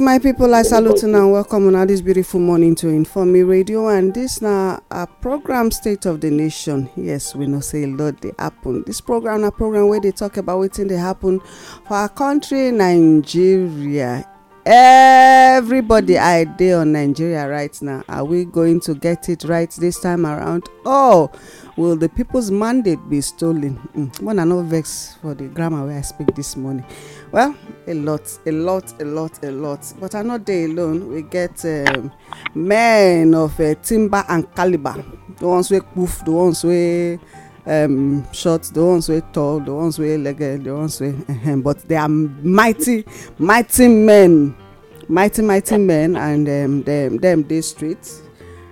right my people i salute you and welcome on this beautiful morning to inform me radio and this now a program state of the nation yes we know say a lot they happen This program a program where they talk about wetin they happen for our country nigeria everybody i dey on nigeria right now are we going to get it right this time around oh will the peoples mandate be stolen When hmm, i know vex for the grammar where i speak this morning well a lot a lot a lot a lot but i not dey alone we get um, men of uh, timber and caliber the ones wey poof the ones wey um, short the ones wey tall the ones wey legged the ones wey uh but they are mighty mighty men mighty mighty men and um, them them dey streets,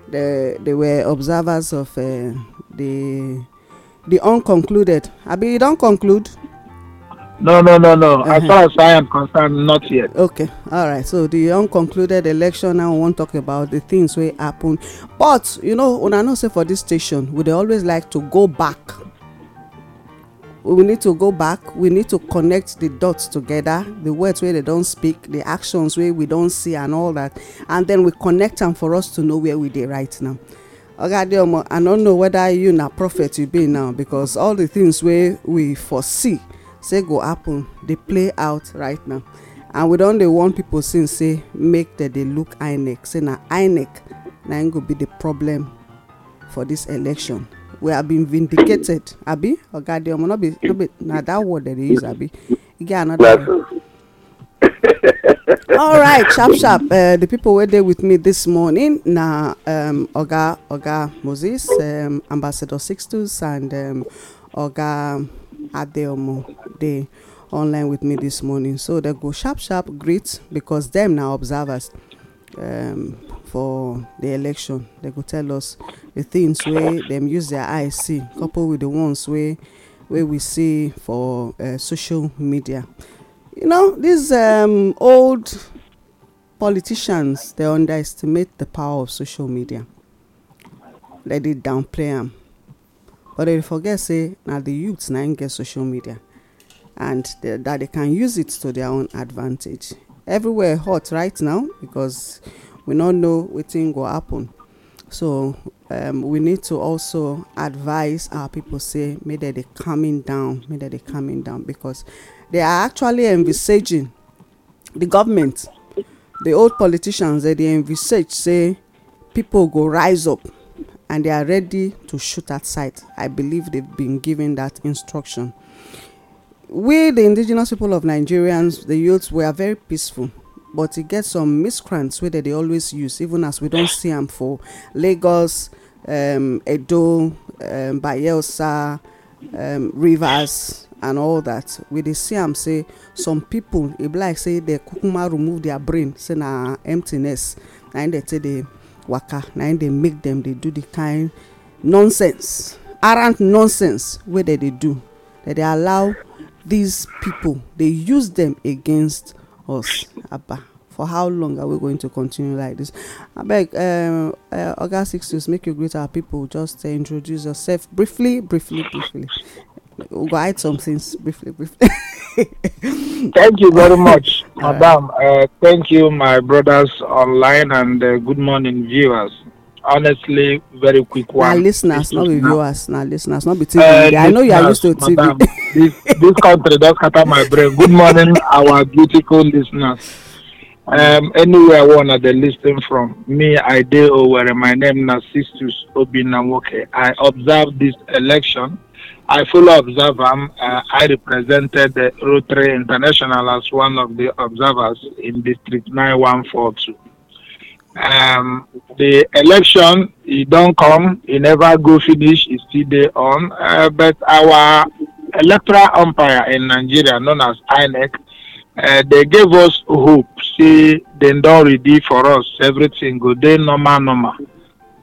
they they were observers of uh, the the unconcluded abi you don't conclude. No, no, no, no. Uh-huh. As far as I am concerned, not yet. Okay, all right. So the unconcluded election now we won't talk about the things wey happen. But you know, una know say for this station, we dey always like to go back. We need to go back. We need to connect the dots together, the words wey they don speak, the actions wey we don see, and all that, and then we connect am for us to know where we dey right now. oga adeomo i no know whether you na prophet you be now because all the things wey we foresee say go happen dey play out right now and we don dey warn pipo since say make dem dey look inec say na inec na im go be the problem for this election we have been vindicated abi oga adeomo no be no be na that word dem dey use abi e get another one. all right sharp sharp uh, the people wey dey with me this morning na um, oga oga moses um, ambassador sixtus and um, oga adeomo dey online with me this morning so they go sharp sharp greet because them now observers um, for the election they go tell us the things where them use their eyes see couple with the ones where where we see for uh, social media you know these um, old politicians they underestimate the power of social media dem dey downplay them but they forget say now the youths now im get social media and that they can use it to their own advantage everywhere hot right now because we no know what thing go happen so um, we need to also advise our people say make dem coming down make dem coming down because they are actually envisaging the government the old politicians that they envisage say people go rise up and they are ready to shoot at sight. I believe they've been given that instruction. We, the indigenous people of Nigerians, the youths, we are very peaceful. But it gets some miscreants where they always use, even as we don't see them for Lagos, um, Edo, um, Bayelsa, um, Rivers, and all that. We they see them say some people, it e like say they kukuma remove their brain, say na emptiness, and they say they waka na im dey make dem dey do the kind nonsense arrant nonsense wey dem dey do dem dey allow these people dey use them against us abba for how long are we going to continue like this abeg um, uh, oga sixtus make you greet our people just uh, introduce yourself briefly briefly briefly we'll go some things briefly, briefly. thank you very much, madam. Uh, thank you, my brothers online, and uh, good morning, viewers. Honestly, very quick one. Now, listeners, not with viewers. Now, listeners, not be TV. Uh, I know you are used to TV. Madam, this, this country does scatter my brain. Good morning, our beautiful listeners. Um, anywhere one are they listening from, me, I do, where my name Narcissus Obinawoke. I observed this election I fully observe them. Um, uh, I represented the Rotary International as one of the observers in District 9142. Um, the election, it don't come, it never go finish, it's still there on. Uh, but our electoral umpire in Nigeria, known as INEC, uh, they gave us hope. See, they don't ready for us. Everything go, they normal, normal.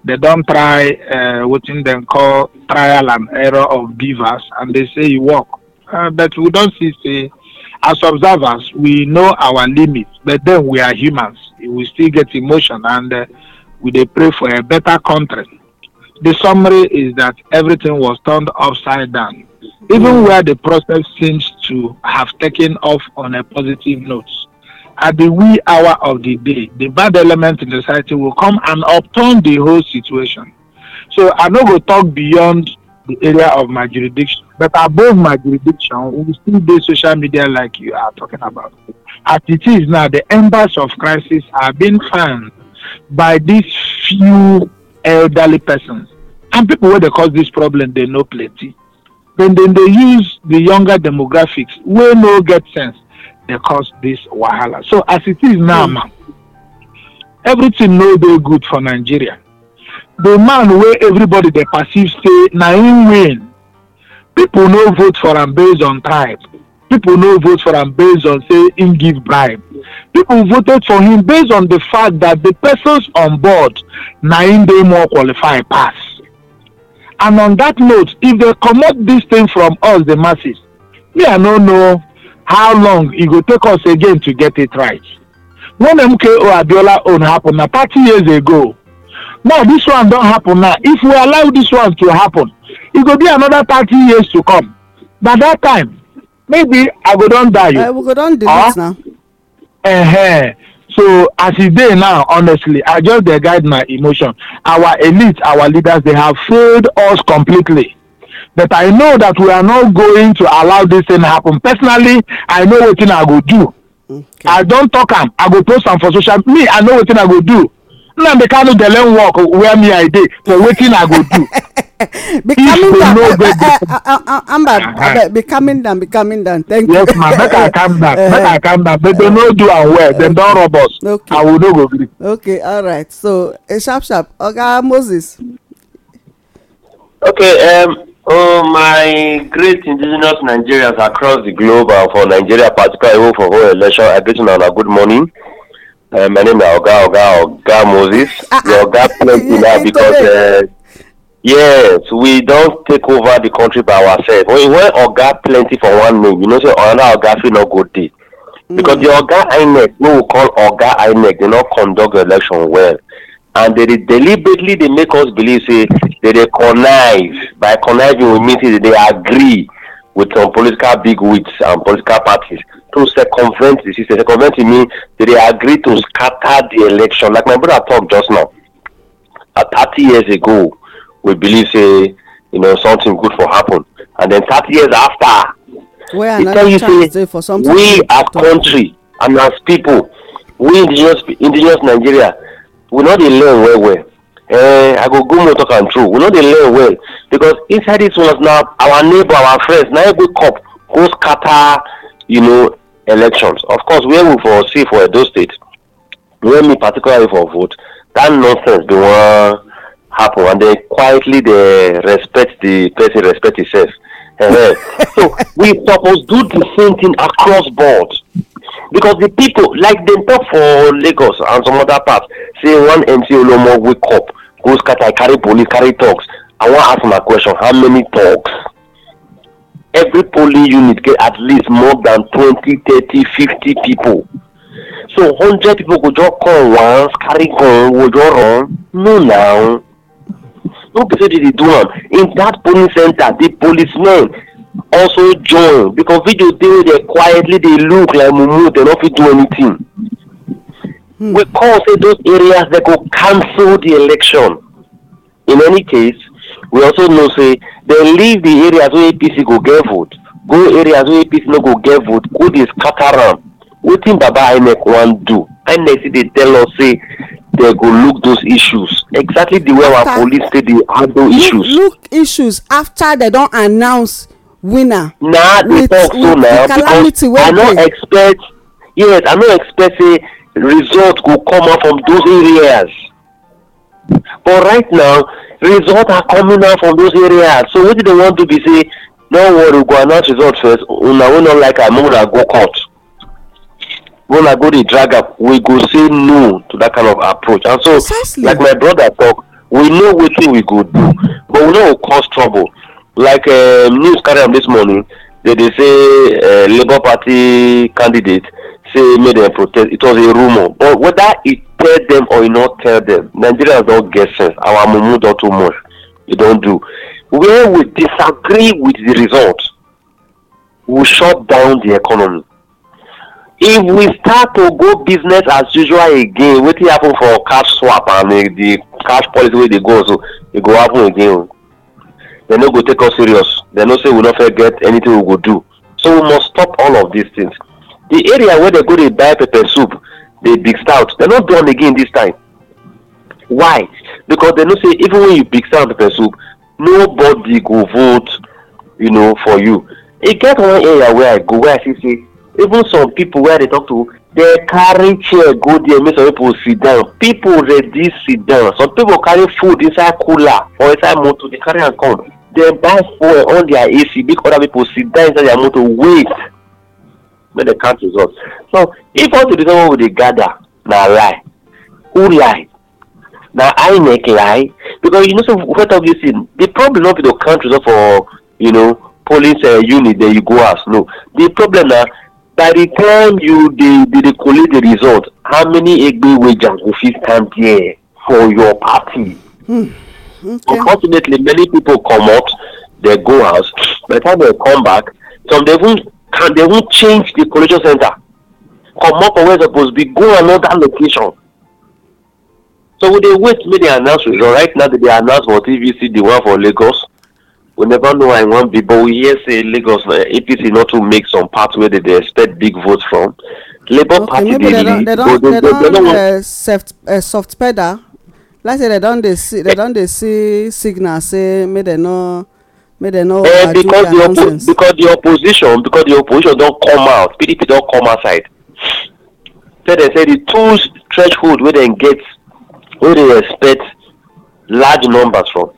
they don't try uh, what they call trial and error of beavers, and they say you work. Uh, but we don't see, say, as observers, we know our limits, but then we are humans. We still get emotion, and uh, we they pray for a better country. The summary is that everything was turned upside down, even where the process seems to have taken off on a positive note at the wee hour of the day, the bad element in the society will come and upturn the whole situation. So I no go talk beyond the area of my jurisdiction, but above my jurisdiction, we still do social media like you are talking about. As it is now, the embers of crisis are being fanned by these few elderly persons and people where they cause this problem they know plenty. Then, then they use the younger demographics we no get sense they cause this wahala. So as it is now, mm. everything no dey good for Nigeria. The man where everybody they perceive say na him win. People no vote for him based on tribe. People no vote for him based on say him give bribe. People voted for him based on the fact that the persons on board na him dey more qualified pass. And on that note, if they comot this thing from us, the masses, me I no know how long e go take us again to get it right when mko abiola own happen na thirty years ago now this one don happen now if we allow this one to happen e go be another thirty years to come by that time maybe i go don die o uh, we go don delete now. Uh -huh. so as e dey now honestly i just dey guide my emotion our elite our leaders dey have failed us completely But I know that we are not going to allow this thing happen. Personally, I know wetin I go do. Okay. I don talk am, I go post am for social Me, I know wetin I go do. Nnamdi Kanu dey learn work where me I dey, so wetin I go do? becoming down no go eh, eh, eh, amber uh-huh. calming down Be calming down thank yes, you. yes ma make i calm down uh, make i calm down but uh, they no do am well uh, dem don rob us okay. and we no go gree. okay all right so sharp sharp oga okay, moses. okay um, Oh, my great indigenous Nigerians across the globe uh, for Nigeria, particularly for whole election. I greet you and a good morning. Uh, my name is Oga Oga Oga Moses. The ah, ah. Oga plenty now because uh, yes, we don't take over the country by ourselves. When, when Oga plenty for one name, you know, say so another Oga feel no good day. Because mm. the Oga INEC, we will call Oga INEC, they not conduct the election well and they deliberately dey make us believe say they dey connive by conniving with meetings they dey agree with some political bigwigs and political parties to circumvent the system circumvent e mean they dey agree to scatter the election like my brother talk just now uh, thirty years ago we believe say you know something good for happen and then thirty years after well, tell you say we as country and as people we indigenous indigenous nigeria we no dey learn well well eh i go go more talk am true we no dey learn well because inside dis ones na our neighbor our friends na every cup go scatter you know elections of course where we for see for edo state where me particularly for vote that nonsense bin wan happen and then quietly dey respect the person respect himself eh, eh. so we suppose do the same thing across board because the people like dem talk for lagos and some other parts say one mc olomo wake up go scatter carry police carry talks. i wan ask my question how many talks? every polling unit get at least more than twenty thirty fifty people so hundred people go just come once carry gun go just run no now, no be say they dey do am in that polling center the policemen also join because video dey wey dey quietly dey look like mumu dem no fit do anything hmm. we call say those areas dey go cancel the election in any case we also know say dem leave the areas wey apc go get vote go areas wey apc no go get vote go dey scatter am wetin baba inec wan do inec still dey tell us say dem go look those issues exactly the way our police take dey handle issues. look issues after dem don announce winner. na dey talk so na because i no expect yes i no expect say result go come out from those areas but right now result are coming out from those areas so wetin dem wan do be say no worry we go announce result first una wey no like am una go court una go dey drag am we go say no to that kind of approach and so like my brother talk we know wetin we go do but we no go cause trouble like uh, news carry am this morning they dey say uh, labour party candidate say make dem protest it was a rumour but whether e tell dem or e no tell dem nigerians don get sense our mumu don too much e don do When we disagree with the result we shut down the economy if we start to go business as usual again wetin happen for cash swap and the cash policy wey dey go so e go happen again o They no go take us serious They no say we no fit get anything we go do so we must stop all of these things the area where they go dey buy pepper soup dey big stout They no do am again this time why because they no say even when you big stout pepper soup nobody go vote you know for you e get one area where i go where i see say even some people wey i dey talk to dey carry chair go there make some people sit down people ready sit down some people carry food inside cooler or inside motor dey carry am come dem buy fuel on their ac make other people sit down inside their motor wait make dem count results so if all the time we dey gather na lie who lie na inec lie because you know say we talk this thing the problem no be to count results for you know polling uh, unit then you go house no the problem na by the time you dey dey dey collate the result how many egbe wagers go fit stand there for your party. Hmm. Okay. Unfortunately, many people come out, they go out. By the time they come back, some they won't can they won't change the collection center. Come up where supposed to be, go another location. So we dey wait make they announce result. Right now they dey announce for TVC the one for Lagos. We never know why one be, but we hear say Lagos uh, eh, APC not to make some parts where they, they expect big votes from. Labour okay, Party dey lead. They don't, they don't, they don't, they don't uh, soft, uh, soft pedal like say dem don dey see dem don dey see signal say make dem no make dem no uh, their nonsense. because the opposition because the opposition don come out pdp don come outside say dem say the two threshold wey dem get wey dey expect large numbers from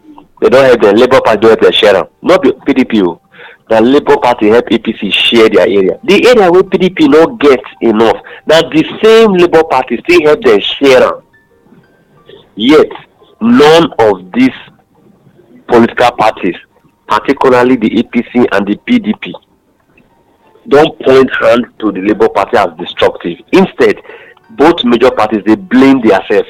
dem don help dem labour party don help dem share am no be pdp o oh. na labour party help apc share their area the area wey pdp no get enough na the same labour party still help dem share am Yet, none of these political parties, particularly the APC and the PDP, don't point hand to the Labour Party as destructive. Instead, both major parties they blame themselves.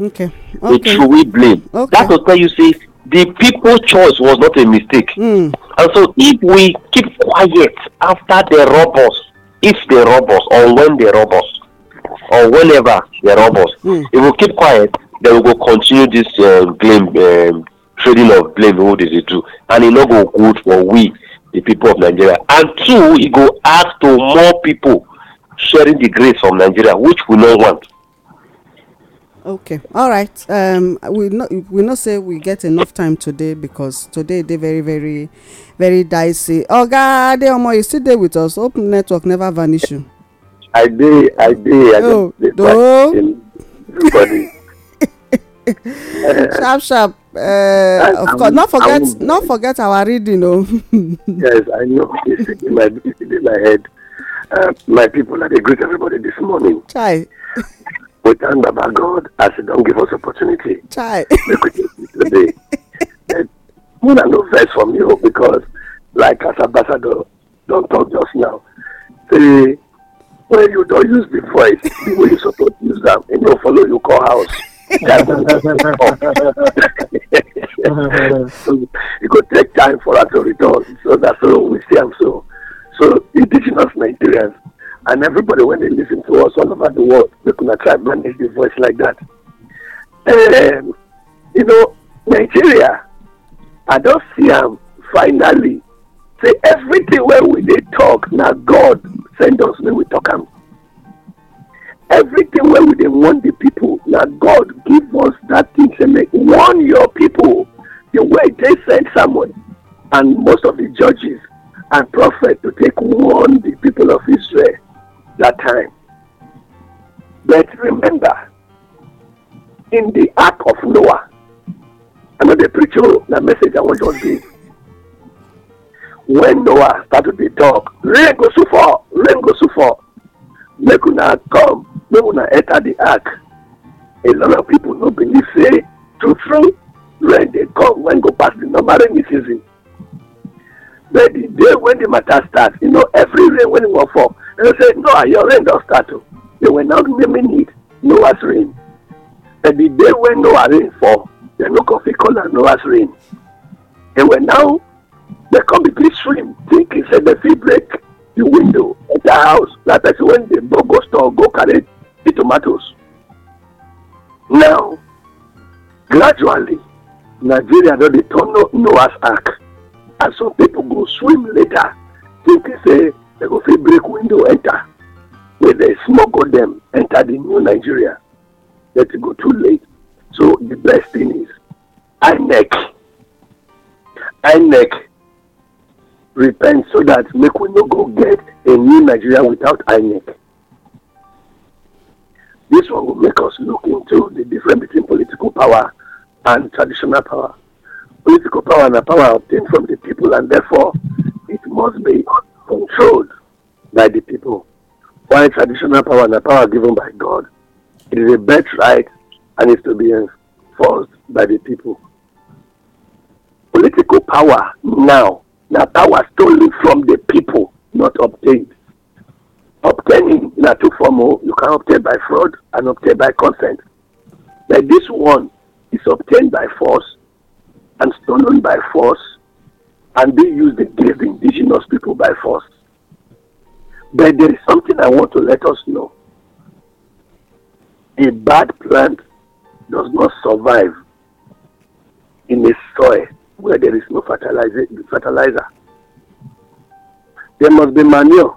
Okay. okay. They truly blame. Okay. That will tell you see the people's choice was not a mistake. Mm. And so if we keep quiet after they rob us, if they rob us or when they rob us or whenever they rob us, mm. if we keep quiet, then we go continue this um, blame um, trading of blame wey dey it do and e no go good for we the people of nigeria and two e go add to more people sharing the grace from nigeria which we no want. okay all right um, we know we know say we get enough time today because today they very very very dicey Oh oga adeomo you still there with us open network never vanish you. i dey i dey i oh no. everybody sharp sharp uh, of course not forget not forget our reading o. Oh. yes i know in my in my head uh, my people i dey greet everybody this morning. chai. we thank baba god as he don give us opportunity. chai. make we dey see today. una no vex for me o because like as ambassador don talk just now say when you don use the voice the way you suppose use am e no follow you call house. it could take time for her to return. So that's all we see. So, so indigenous Nigerians and everybody, when they listen to us all over the world, they could not try to manage the voice like that. Um, you know, Nigeria, I don't see them um, finally. Say everything where we they talk, now God send us when we talk. Them everything wey we dey warn the people na god give us that thing say make warn your people the way they send sermon and most of the judges and prophets to take warn the people of israel that time but remember in the ark of noah i no dey preach o oh, na message i wan just give when noah start to dey talk rain go so fall rain go so fall make una come make una enter the ark a lot of people no believe say true true rain dey come when go pass the normal rainy season but the day when the matter start you know every rain wey e wan fall and they say no ah, your rain don start o oh. they were now naming it noah's rain but the day when noah rain fall they no go fit call am noah's rain they were now they come be big swim thinking say they fit break the window enter house like person wey dey go go store go carry the tomatoes. Now, gradually, Nigeria don dey turn no Noah's ark and some people go swim later thinking say they go fit break window enter wey they smuggle them enter the new Nigeria but go too late so the best thing is INEC INEC repent so that make we no go get a new Nigeria without INEC. This one will make us look into the difference between political power and traditional power. Political power and power obtained from the people, and therefore it must be controlled by the people. While traditional power and power given by God it is a right and is to be enforced by the people. Political power now, now power stolen from the people, not obtained obtaining in a two form you can obtain by fraud and obtain by consent but this one is obtained by force and stolen by force and they use the the indigenous people by force but there is something i want to let us know a bad plant does not survive in a soil where there is no fertilizer. There must be manure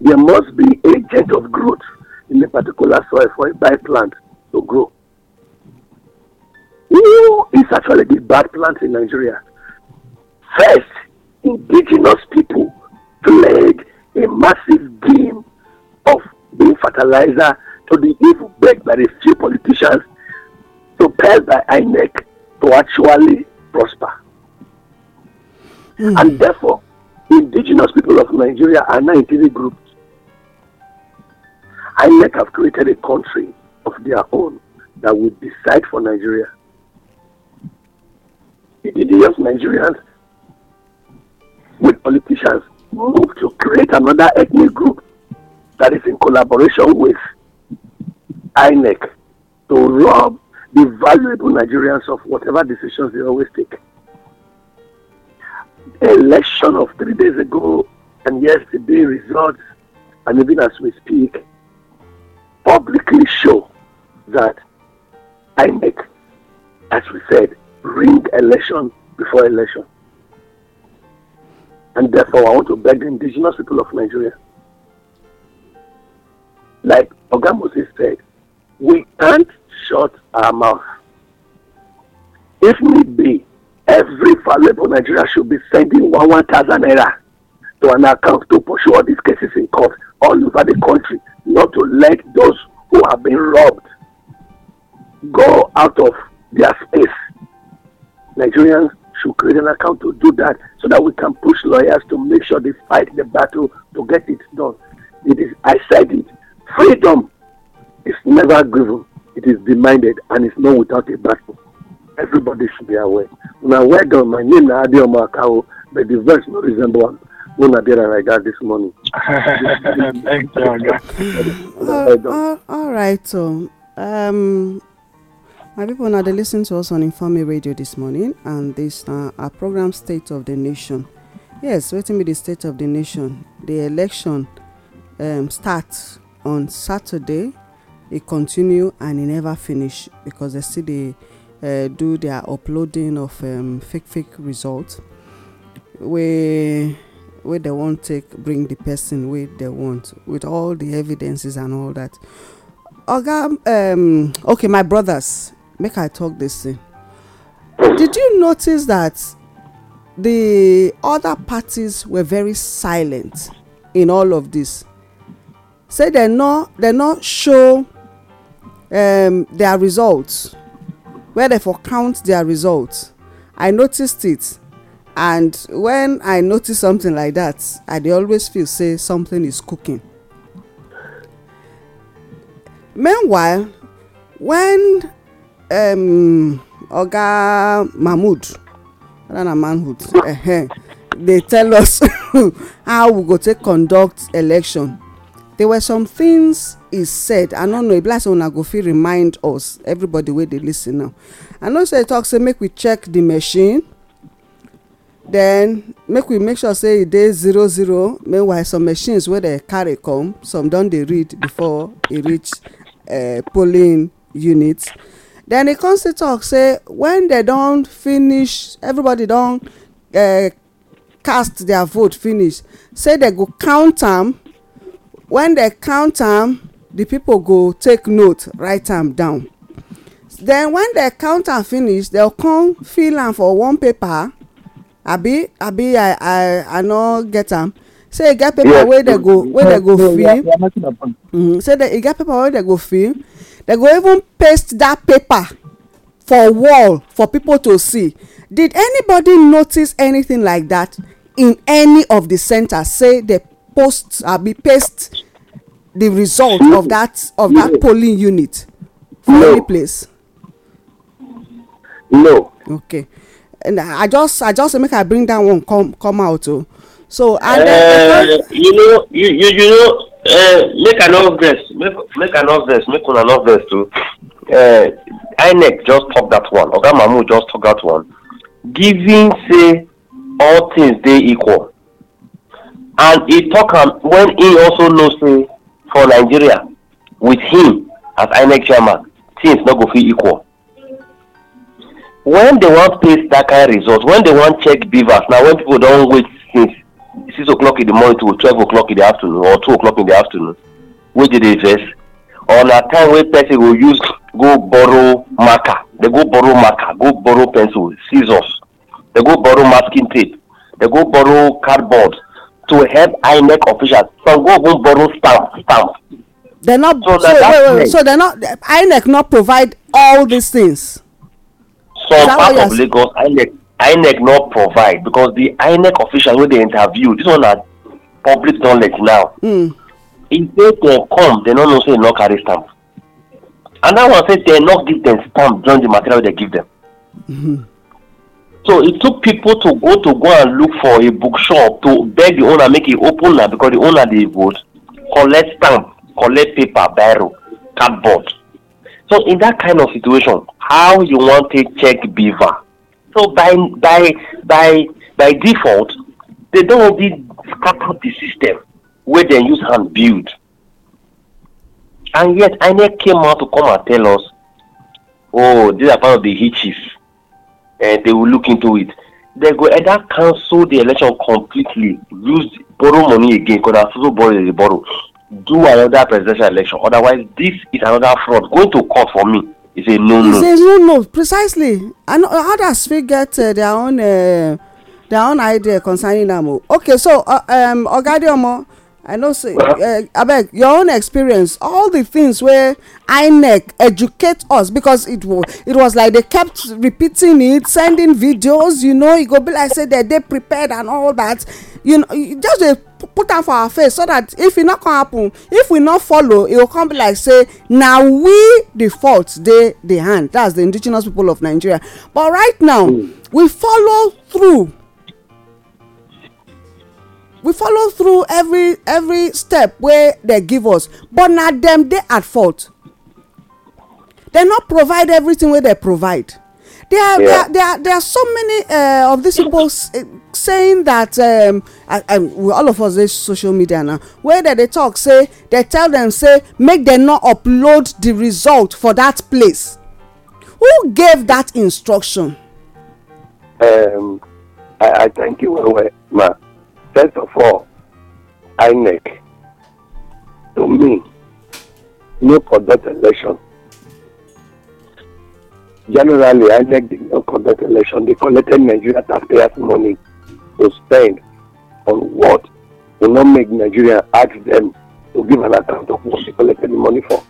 there must be agent of growth in a particular soil for a bad plant to grow. Who is actually the bad plant in Nigeria? First, indigenous people played a massive game of being fertilizer to the evil bent by a few politicians propelled by INEC to actually prosper. Mm. And therefore, indigenous people of Nigeria are now in group INEC have created a country of their own that will decide for Nigeria. Idiots Nigerians with politicians move to create another ethnic group that is in collaboration with INEC to rob the valuable Nigerians of whatever decisions they always take. The election of three days ago and yesterday results, and even as we speak, publicly show that INEC, as we said, ring election before election. And therefore, I want to beg the indigenous people of Nigeria. Like Ogamose said, we can't shut our mouth. If need be, every fallible Nigeria should be sending one one thousand naira to an account to pursue all these cases in court all over the country not to let those who have been robbed go out of their space. Nigerians should create an account to do that so that we can push lawyers to make sure they fight the battle to get it done. It is, I said it, freedom is never given, it is demanded, and it's not without a battle. Everybody should be aware. Now, well done. My name is Adi Omakawo, but the verse no resemble one when I did like that this morning. Thank you, Uh, uh, all right, so um, um, my people now they listen to us on Informe Radio this morning, and this uh, our program State of the Nation. Yes, waiting with the State of the Nation. The election um, starts on Saturday. It continue and it never finish because they still they uh, do their uploading of um, fake fake results. We wey dem wan take bring di person wey dem want with all di evidences and all dat oga um, okay my brothers make i talk dis thing did you notice that the other parties were very silent in all of this say dem no dem no show um, their results where dem for count their results i noticed it and when i notice something like that i dey always feel say something is cooking meanwhile when um, oga mahmood rather na manhood uh -huh, dey tell us how we go take conduct election there were some things he said i no know e be like say una go fit remind us everybody wey dey lis ten now i know say he talk say make we check the machine then make we make sure say e dey zero zero meanwhile some machines wey dem carry come some don dey read before e reach eh, polling unit then e come still talk say when dem don finish everybody don eh, cast their vote finish say dem go count am When dem count am the people go take note write am down then when dem count am finish dem come fill am for one paper abi abi i i i no get am e say mm-hmm. e get paper wey dem go wey dem go fill say e get paper wey dem go fill dem go even paste dat paper for wall for people to see did anybody notice anything like that in any of the centers say they post abi paste the result of that of that polling unit for any place. no okay and i just i just make i bring that one come come out o oh. so and then. Uh, you know you you, you know uh, make i no vex make make i no vex make una no vex too uh, inec just talk that one oga Mamu just talk that one giving say all things dey equal and e talk am when e also know say for nigeria with him as inec chairman things no go fit equal when they wan that kind of result when they wan check beavers na when people don wait since six o'clock in the morning to twelve o'clock in the afternoon or two o'clock in the afternoon wey dey dey vex or na time wey person go use go borrow marker dey go borrow marker go borrow pencil scissors dey go borrow masking tape dey go borrow cardboard to help inec officials some go even borrow stamp stamp. dem no so, so wait wait wait so dem no inec no provide all these things some part of lagos inec inec no provide because the inec officials wey dey interview this one na public knowledge now e say dem come dem no know say e no carry stamp and that one say dem no give dem stamp join the material wey dem give dem mm-hmm. so e took people to go to go and look for a bookshop to beg the owner make e open na because the owner dey vote collect stamp collect paper biro cardboard So in that kind of situation, how you want to check beaver? So by by by by default, they don already scatter the system where they use hand build. And yet I never came out to come and tell us, oh, these are part of the hitches and they will look into it. They go either cancel the election completely, use borrow money again, because I so borrow the borrow, do another presidential election otherwise this is another fraud going to court for me is a no no. it's a no no precisely and uh, others fit get uh, their own uh, their own idea concerning am o okay so uh, um, oga adeomo i know say eh, abeg your own experience all the things wey inec educate us because it was like they kept repeating it sending videos you know e go be like say dem dey prepared and all that you know just dey put am for our face so that if e no come happen if we no follow e go come be like say na we the fault dey the hand that's the indigenous people of nigeria but right now hmm. we follow through we follow through every every step wey dem give us but na dem dey at fault dem no provide everything wey dem provide there yeah. there, there, there are so many uh, of these people uh, saying that um, I, I, all of us dey social media now where dem dey talk say dem tell dem say make dem no upload the result for that place who gave that instruction. Um, I, I thank you well well ma first of all inec to me no conduct election generally inec did not conduct election they collected nigeria taxpayers money to spend on what will not make nigeria ask them to give an account of what they collected the money for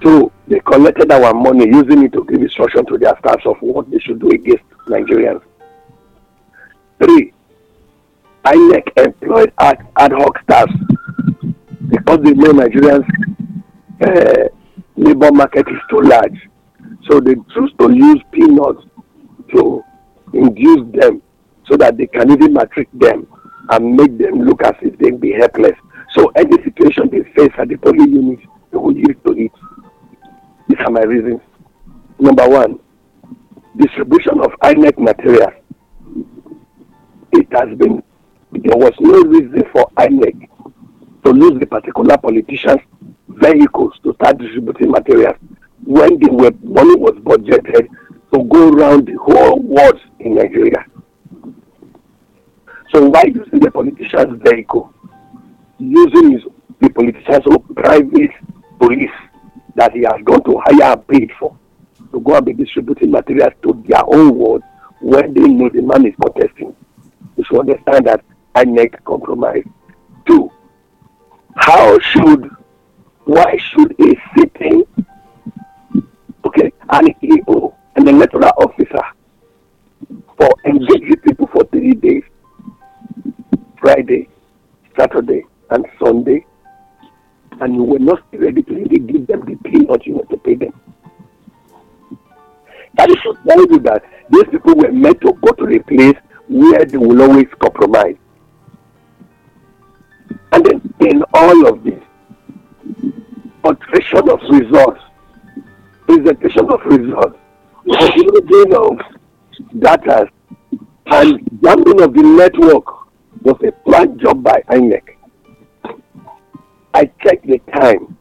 Two, they collected our money using it to give instruction to their staffs of what they should do against nigerians three INEC employed ad, ad hoc staff because they know Nigerians' uh, labor market is too large. So they choose to use peanuts to induce them so that they can even matric them and make them look as if they be helpless. So any situation they face at the polling unit, they will use to it. These are my reasons. Number one, distribution of INEC material. It has been there was no reason for INEC to lose the particular politicians' vehicles to start distributing materials when the money was budgeted to go around the whole world in Nigeria. So why using the politician's vehicle, using his, the politician's own private police that he has gone to hire and paid for to go and be distributing materials to their own world when they know the man is protesting? You should understand that I make compromise. Two, how should, why should a sitting, okay, an EO, an electoral officer, for engaging people for three days, Friday, Saturday, and Sunday, and you were not ready to give them the or you want to pay them. That is should tell you that these people were meant to go to the place where they will always compromise. And then in all of this, alteration of results, presentation of results, uploading of data, and jamming of the network was a planned job by INEC. I checked the time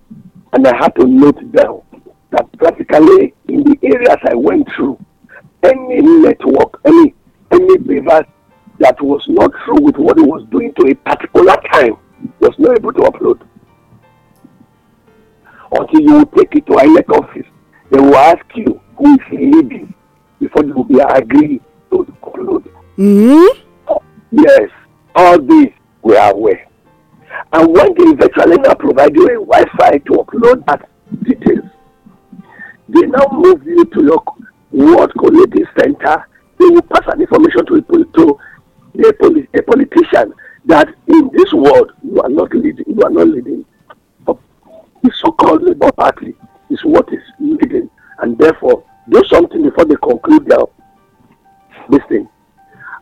and I had to note down that practically in the areas I went through, any network, any any behavior that was not true with what it was doing to a particular time was not able to upload until you take it to INEC office. They will ask you who is leading before you will be agreeing to upload. Mm-hmm. Oh, yes, all these we are aware. And when the virtual lender provide you a Wi-Fi to upload that details, they now move you to your ward coordinating center. They will pass that information to a, to a, a politician that in this world you are not leading, you are not leading. But the so-called Labour Party is what is leading, and therefore do something before they conclude their this thing.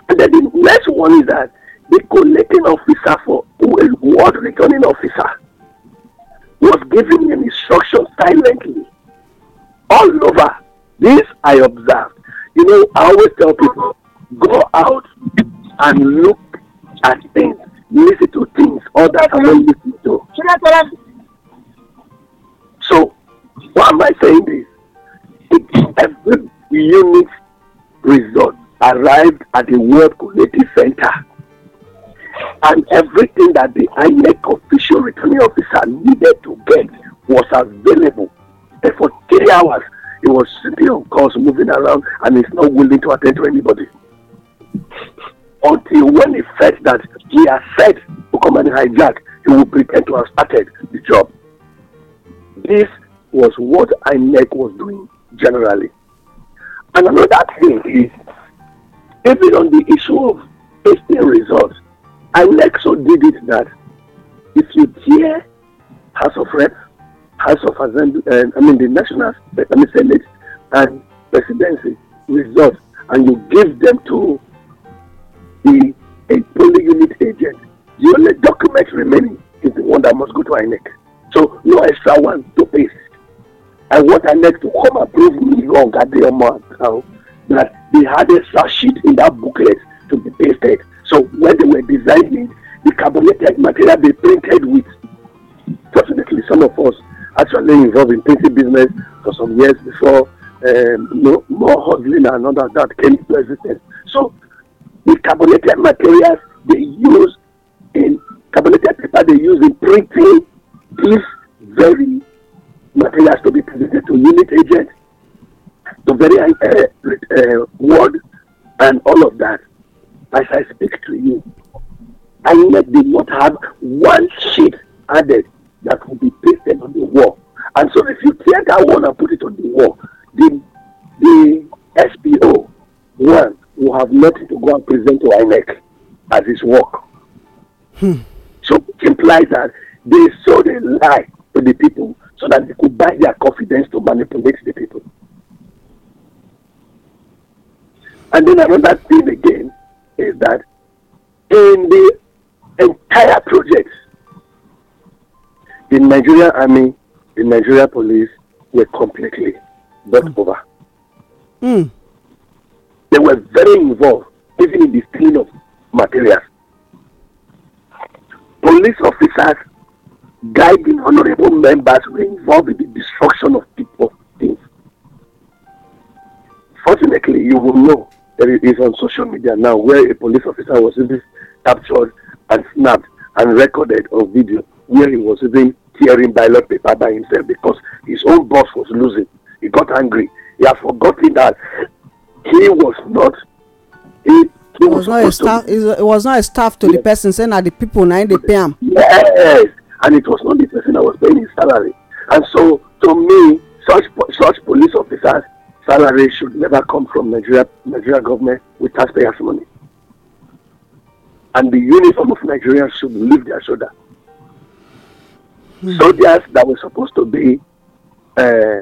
And then the next one is that the collecting officer for ward returning officer was giving an instruction silently all over. This I observed. You know, I always tell people go out and look and things, listen to things others are not listening to. So, why am I saying this? Each every unit result arrived at the World Community Center, and everything that the INEC official returning officer needed to get was available. And for three hours, he was sitting on course, moving around, and he's not willing to attend to anybody until when he felt that he had said to come and hijack, he would pretend to have started the job. This was what INEC was doing generally. And another thing is, even on the issue of testing results, INEC so did it that if you hear House of Reps, House of Assembly, uh, I mean the National, I mean Senate and Presidency results, and you give them to the a polling unit agent. The only document remaining is the one that must go to INEC. So no extra one to paste. I want INEC to come and prove me wrong at the amount now that they had a sheet in that booklet to be pasted. So when they were designing the carbonated material they painted with, fortunately some of us actually involved in painting business for some years before um, you know, more hustling and all that, that came to existence. So the carbonated materials they use in carbonated paper they use in printing these very materials to be presented to unit agents, to very uh, uh, word, and all of that. As I speak to you, I let them not have one sheet added that will be pasted on the wall. And so if you take that one and put it on the wall, the, the SPO, one, Who have nothing to go and present to INEC as his work. Hmm. So it implies that they sold a lie to the people so that they could buy their confidence to manipulate the people. And then another thing again is that in the entire project, the Nigerian army, the Nigerian police were completely bought mm. over. Mm. They were very involved, even in the stealing of materials. Police officers, guiding honorable members, were involved in the destruction of people's things. Fortunately, you will know that it is on social media now where a police officer was even captured and snapped and recorded on video where he was even tearing ballot paper by himself because his own boss was losing. He got angry. He had forgotten that he was not he, he was, was not a staff it was not a staff to yes. the person saying that the people now they pay him yes and it was not the person that was paying his salary and so to me such such police officers salary should never come from nigeria nigeria government with taxpayers money and the uniform of nigerians should leave their shoulder hmm. soldiers that were supposed to be uh,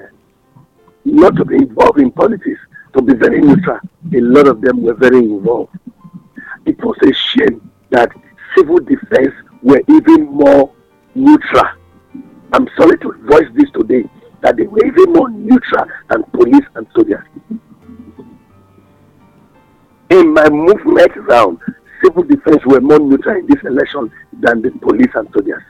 not to be involved in politics to be very neutral, a lot of them were very involved. It was a shame that civil defense were even more neutral. I'm sorry to voice this today, that they were even more neutral than police and soldiers. In my movement round, civil defense were more neutral in this election than the police and soldiers.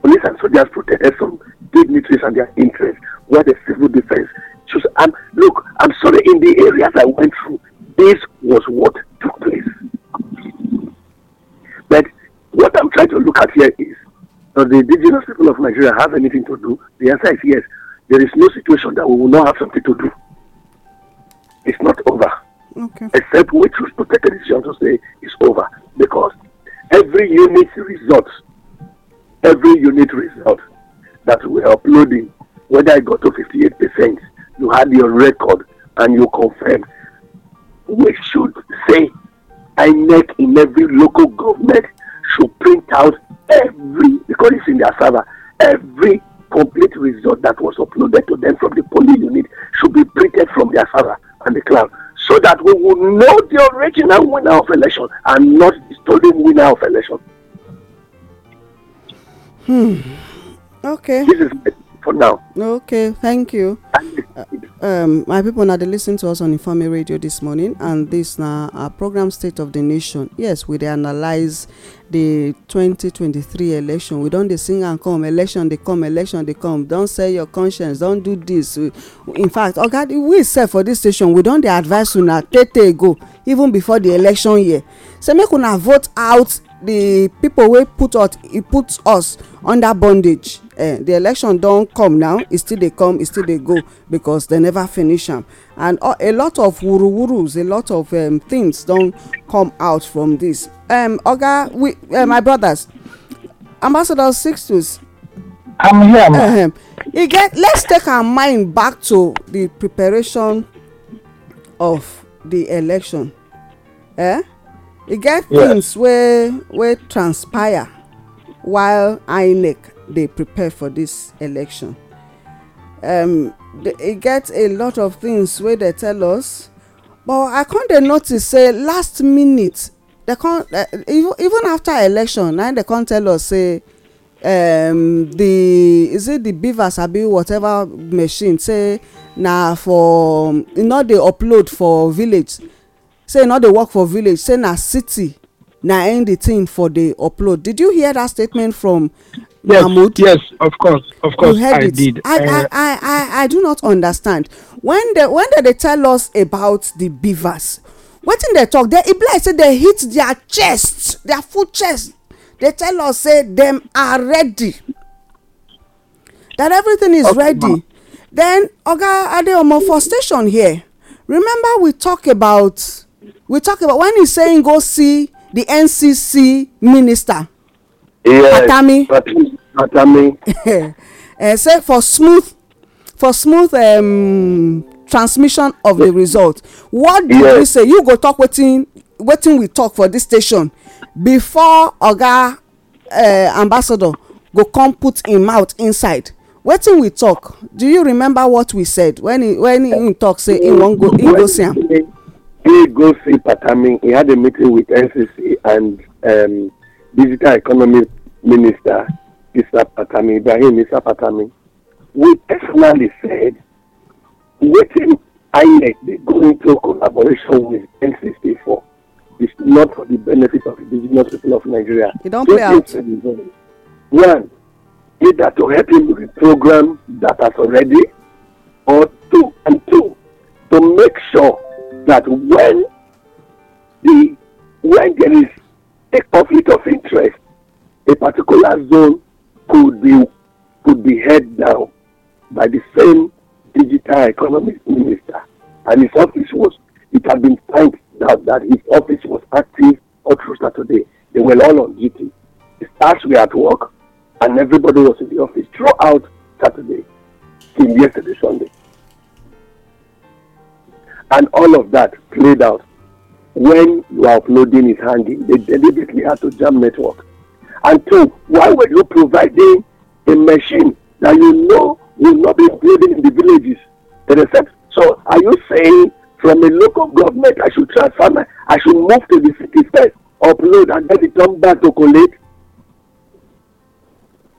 Police and soldiers protected some dignitaries and their interests, where the civil defense so, I'm, look, I'm sorry, in the areas I went through, this was what took place. But what I'm trying to look at here is do the indigenous people of Nigeria have anything to do? The answer is yes. There is no situation that we will not have something to do. It's not over. Okay. Except we choose to take a decision to say it's over. Because every unit result, every unit result that we are uploading, whether I got to 58%, you had your record and you confirmed. We should say INEC in every local government should print out every, because it's in their server, every complete result that was uploaded to them from the polling unit should be printed from their server and the cloud so that we will know the original winner of election and not the stolen winner of election. Hmm. Okay. This is for now. Okay. Thank you. And the um, my people, now they listen to us on Informe radio this morning and dis na our program state of the nation yes we dey analyse di 2023 election we don't dey sing and come election dey come election dey come Don't sell your conscience Don't do dis in fact oga we sef for this station we don dey advise una tey tey go even before the election year say make una vote out The people wey put us put us under bondage eh di election don come now e still dey come e still dey go because they never finish am and a lot of wuruwurus a lot of um, things don come out from this. um oga we eh, my brothers ambassador sixtus i'm here ma eh, eh, e get let's take our mind back to the preparation of the election eh e get things wey wey transpire while inec dey prepare for this election um e get a lot of things wey dey tell us but i con dey notice say last minute dey con eh, even after election na dey con tell us say um the is it the beaver sabi whatever machine say na for e no dey upload for village say e no dey work for village say na city na end the thing for the upload did you hear that statement from yes, mahmoud yes of course of course you heard i it. did I, uh, I, I i i do not understand when they when they dey tell us about the beavers wetin dey talk dey e be like say dey hit their chest their full chest dey tell us say dem are ready that everything is okay, ready then oga adeomo for station here remember we talk about we talk about when he's saying go see the ncc minister yes, patami patami uh, eh, say for smooth for smooth um, transmission of the result what do yes. you say you go talk wetin wetin we talk for this station before oga uh, ambassador go come put him mouth inside wetin we talk do you remember what we said when he when he talk say he wan go he go see am he goes see Patami. He had a meeting with NCC and um, Digital Economy Minister Mr. Patami, Ibrahim Mr. Patami. We personally said, waiting INEC, they go into collaboration with NCC for is not for the benefit of the indigenous people of Nigeria. You don't play out. One, either to help him with the program that has already, or two, and two, to make sure that when the when there is a conflict of interest, a particular zone could be could be held down by the same digital economics minister, and his office was it had been timed that that his office was active all through Saturday. They were all on duty. The staffs were at work, and everybody was in the office throughout Saturday till yesterday Sunday. And all of that played out when you are uploading is hanging. They deliberately had to jam network. And two, why were you providing a machine that you know will not be building in the villages? That effect. So are you saying from a local government I should transfer my, I should move to the city first, upload and then return back to collate?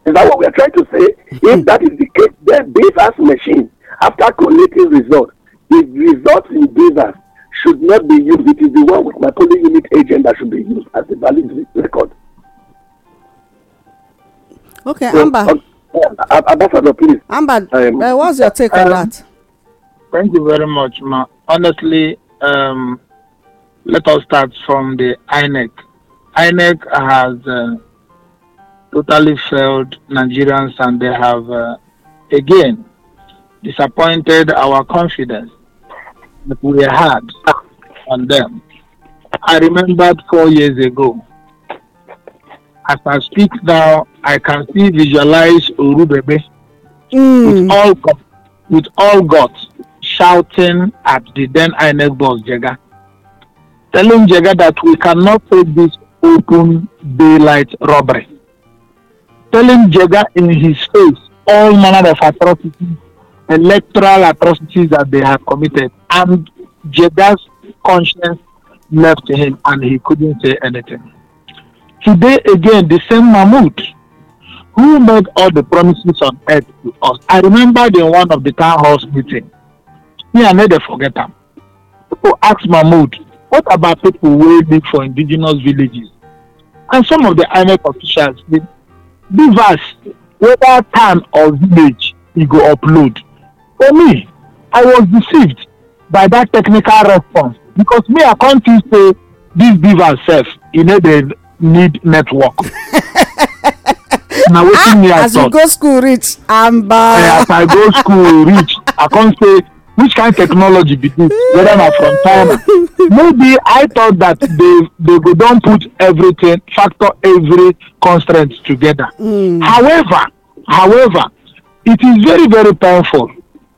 Is that what we are trying to say? Mm-hmm. if that is the case, then this as machine after collating results the result in gave us should not be used. It is the one with my polling unit agent that should be used as the valid record. Okay, so, Amber. Um, uh, uh, Ambassador, please. Amber, um, uh, what's your take um, on that? Thank you very much, Ma. Honestly, um, let us start from the INEC. INEC has uh, totally failed Nigerians and they have uh, again disappointed our confidence that we had on them. I remembered four years ago. As I speak now, I can see visualize Urubebe mm. with all with all God shouting at the then INF boss Jega, telling Jega that we cannot take this open daylight robbery, telling Jega in his face all manner of atrocities, electoral atrocities that they have committed And Jedah's conscience left him and he couldn't say anything. Today, again, the same Mahmoud who made all the promises on earth to us. I remember in one of the town halls meeting, me I never forget them. People ask Mahmoud, what about people who live for indigenous villages? And some of the IMF officials said, give us whether town or village you go upload. For me, I was deceived by that technical response because me i come feel say dis beaver sef e no dey need network na wetin me i as you go school reach amba as i go school reach i come say which kind technology be dis whether na from china maybe i thought that they go don put everything factor every constraint together hmm. however however it is very very painful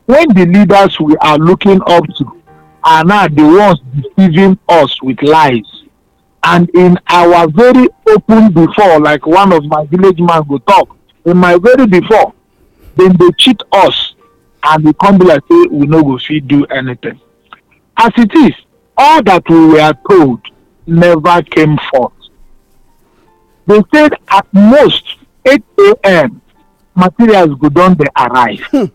when the leaders we are looking up to are now the ones deceiving us with lies and in our very open before like one of my village man go talk in my very before dem dey cheat us and e come be like say we no go fit do anything as it is all that we were told never came forth they said at most 8 a.m. materials go don dey arrive. Hmm.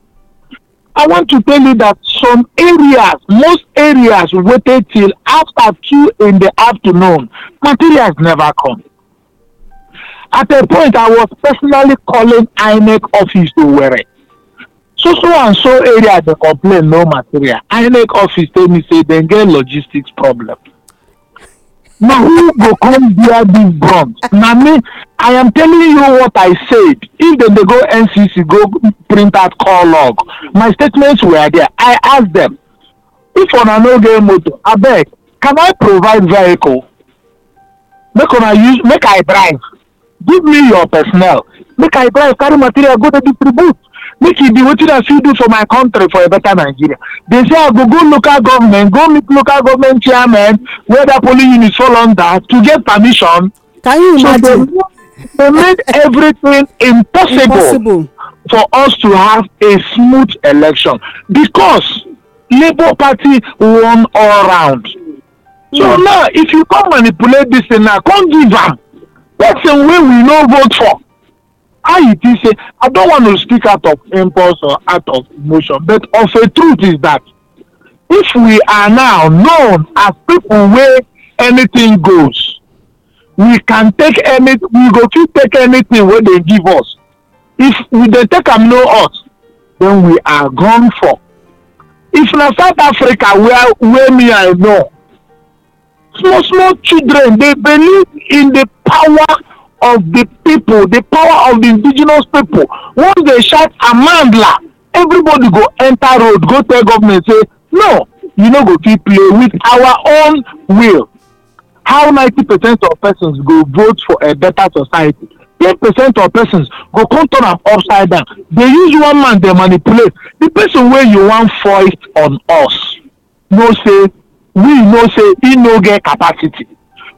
I want to tell you that some areas, most areas waited till after two in the afternoon. Materials never come. At a point, I was personally calling INEC office to wear it. So, so and so area, they complain no material. INEC office tell me, say, they get logistics problem. Now who go come bear this brunt? Now me, I am telling you what I said. If they, they go NCC, go print out call log. My statements were there. I ask them, if una no get motor, abeg, can I provide vehicle? Make una use, make I drive. Give me your personnel. Make I drive, carry material, go to distribute make e be wetin i fit do for my country for a better nigeria dey say i ah, go go local government go meet local government chairman wey that polling unit fall under to get permission can you imagine so they, they made everything impossible, impossible for us to have a smooth election because labour party won all round so now if you come manipulate this thing now come give am person wey we no vote for how it is say i don't want to speak out of impulse or out of emotion but of a truth is that if we are now known as people wey anything goes we can take any we go fit take anything wey dey give us if we dey take am no us then we are gone for if na south africa where where me i know small small children dey believe in the power of the people the power of the indigenous people once they shout amandla everybody go enter road go tell government say no you no go fit play with our own will how ninety percent of persons go vote for a better society ten percent of persons go come turn am upside down dey use one man dey manipulate the person wey you wan foist on us know say we know say he no get capacity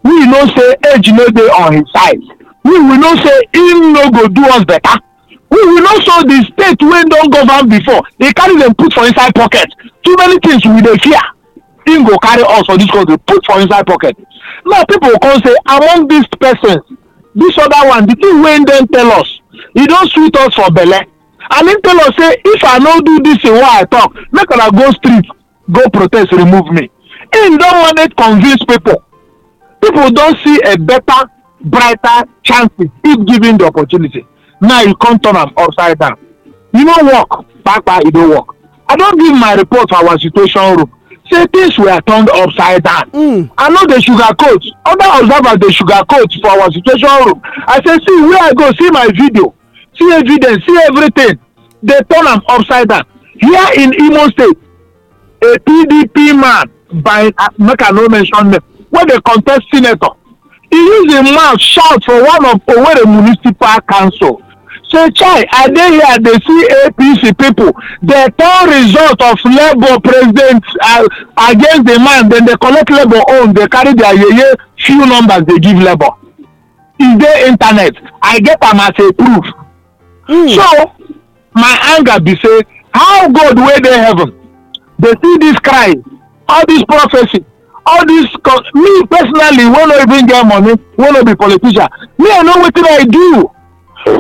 we know say age no dey on his side we will know say im no go do us better we will know so the state wey don govern before dey carry dem put for inside pocket too many things we dey fear im go carry us for dis country put for inside pocket now people go come say among these persons this other one the thing wey dem tell us e don sweet us for belle and im tell us say if i no do dis thing wey i talk make una go street go protest remove me im don manage convince people people don see a better brighter chances if given the opportunity now you come turn am upside down you no work kpakpa You e no work i don give my report for our situation room say things were turned upside down mm. i know dey sugarcoat other observers dey sugarcoat for our situation room i say see where i go see my video see evidence see everything dey turn am upside down here in imo state a pdp man by make i no mention name wey dey contest senator he use him mouth shout for one of Owerri municipal council say chai i dey here dey see apc people dey turn result of labour president uh, against the man dem dey collect labour own dey carry their yeye few numbers dey give labour e dey internet i get am as a proof. Mm. so my anger be say how god wey dey heaven dey see dis crime all dis prophecy all this me personally wey no even get money wey no be politician me i know wetin i do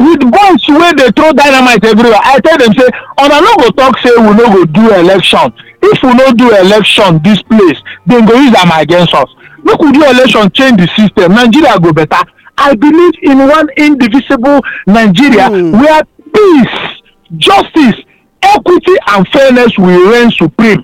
with boys wey dey throw dynamite everywhere i tell dem say una no go talk say we no go do election if we no do election this place dem go use am against us make we do election change the system nigeria go better i believe in one indivisible nigeria mm. where peace justice equity and fairness will reign supreme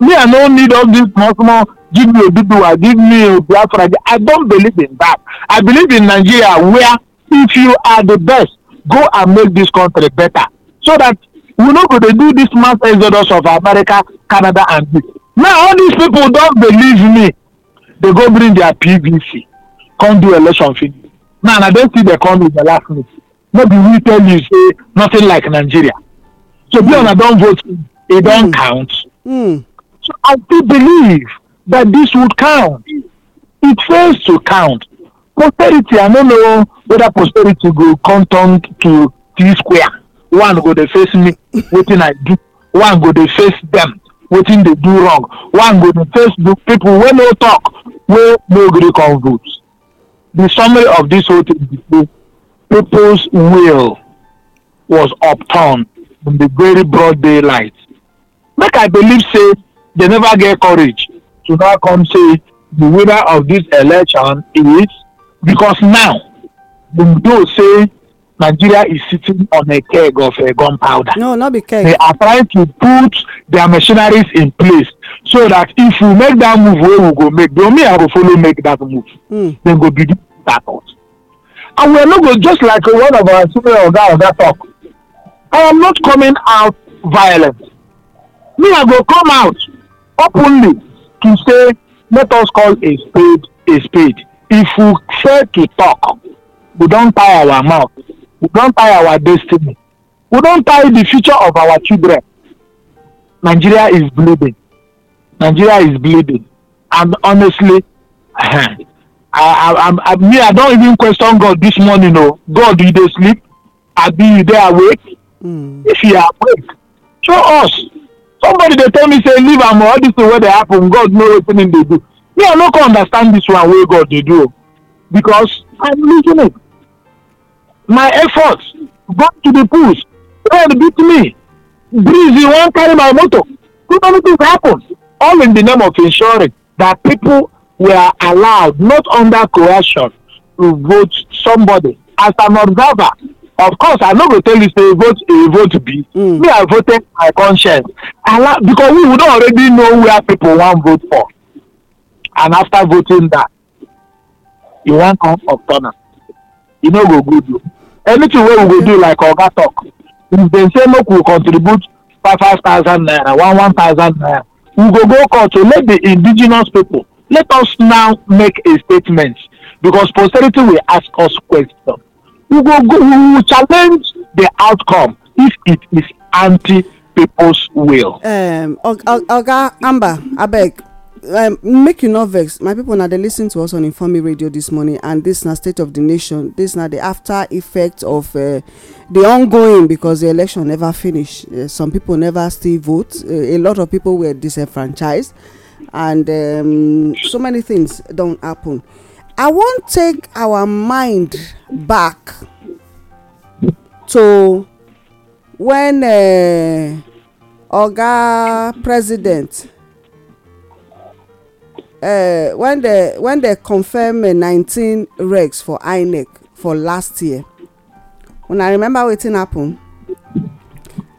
me i no need all this small small give me Oduduwa, give me Biafra. I don't believe in that. I believe in Nigeria where if you are the best, go and make this country better. So that we're not going to do this mass exodus of America, Canada, and this. Now, all these people don't believe me. They go bring their PVC, come do election thing. Man, I don't see they come in the last minute. Maybe we tell you, say, nothing like Nigeria. So, mm. be hmm. on, I don't vote, it don't mm. count. Mm. So, I do believe that this would count. It fails to count. Prosperity, I don't know whether prosperity go come to T square. One go they face me, waiting I do. One go they face them, waiting they do wrong. One go they face the people when no talk, where no agree convote. The summary of this whole thing is people's will was upturned in the very broad daylight. Make I believe say they never get courage to now come say the winner of this election is because now do say Nigeria is sitting on a keg of uh, gunpowder. No, not be keg. They are trying to put their machineries in place so that if we make that move wey we go make, Domi and Rufolo make that move. Mm. Then go begin that out. And we are not go just like one of our senior oga oga talk. I am not coming out violent. Me, I go come out openly to say let us call a spade a spade if we fail to talk we don tie our mouth we don tie our destiny we don tie the future of our children nigeria is bleeding nigeria is bleeding and honestly eh, I, I, I, me i don even question god this morning o oh. god you dey sleep abi you dey awake mm. if you awake show us somebody dey tell me say leave am all dis thing wey dey happen god know wetin im dey do me i no come understand this one wey god dey do because i'm losing it my effort go to the pools God beat me breeze wan carry my motor too many things happen all in the name of ensuring that people were allowed not under coercion to vote somebody as an observer of course i no go tell you say vote a vote be mm. me i voted my conscience allow because we don already know where people wan vote for and after voting that you wan come upturn am e no go good o anything wey we go do like oga talk if dem say make we contribute five five thousand naira one one thousand naira we go go court o let the indigenous people let us now make a statement because posterity will ask us questions we go go we will challenge the outcome if it is anti people's will. Um, oga amber abeg um, make you no vex my people na dey lis ten to us on informe radio this morning and this na state of the nation this na the after effect of uh, the ongoing because the election never finish uh, some people never still vote uh, a lot of people were disenfranchised and um, so many things don happen. I wan take our mind back to when um oga president um when they when they confirm um nineteen regs for inec for last year una remember wetin happen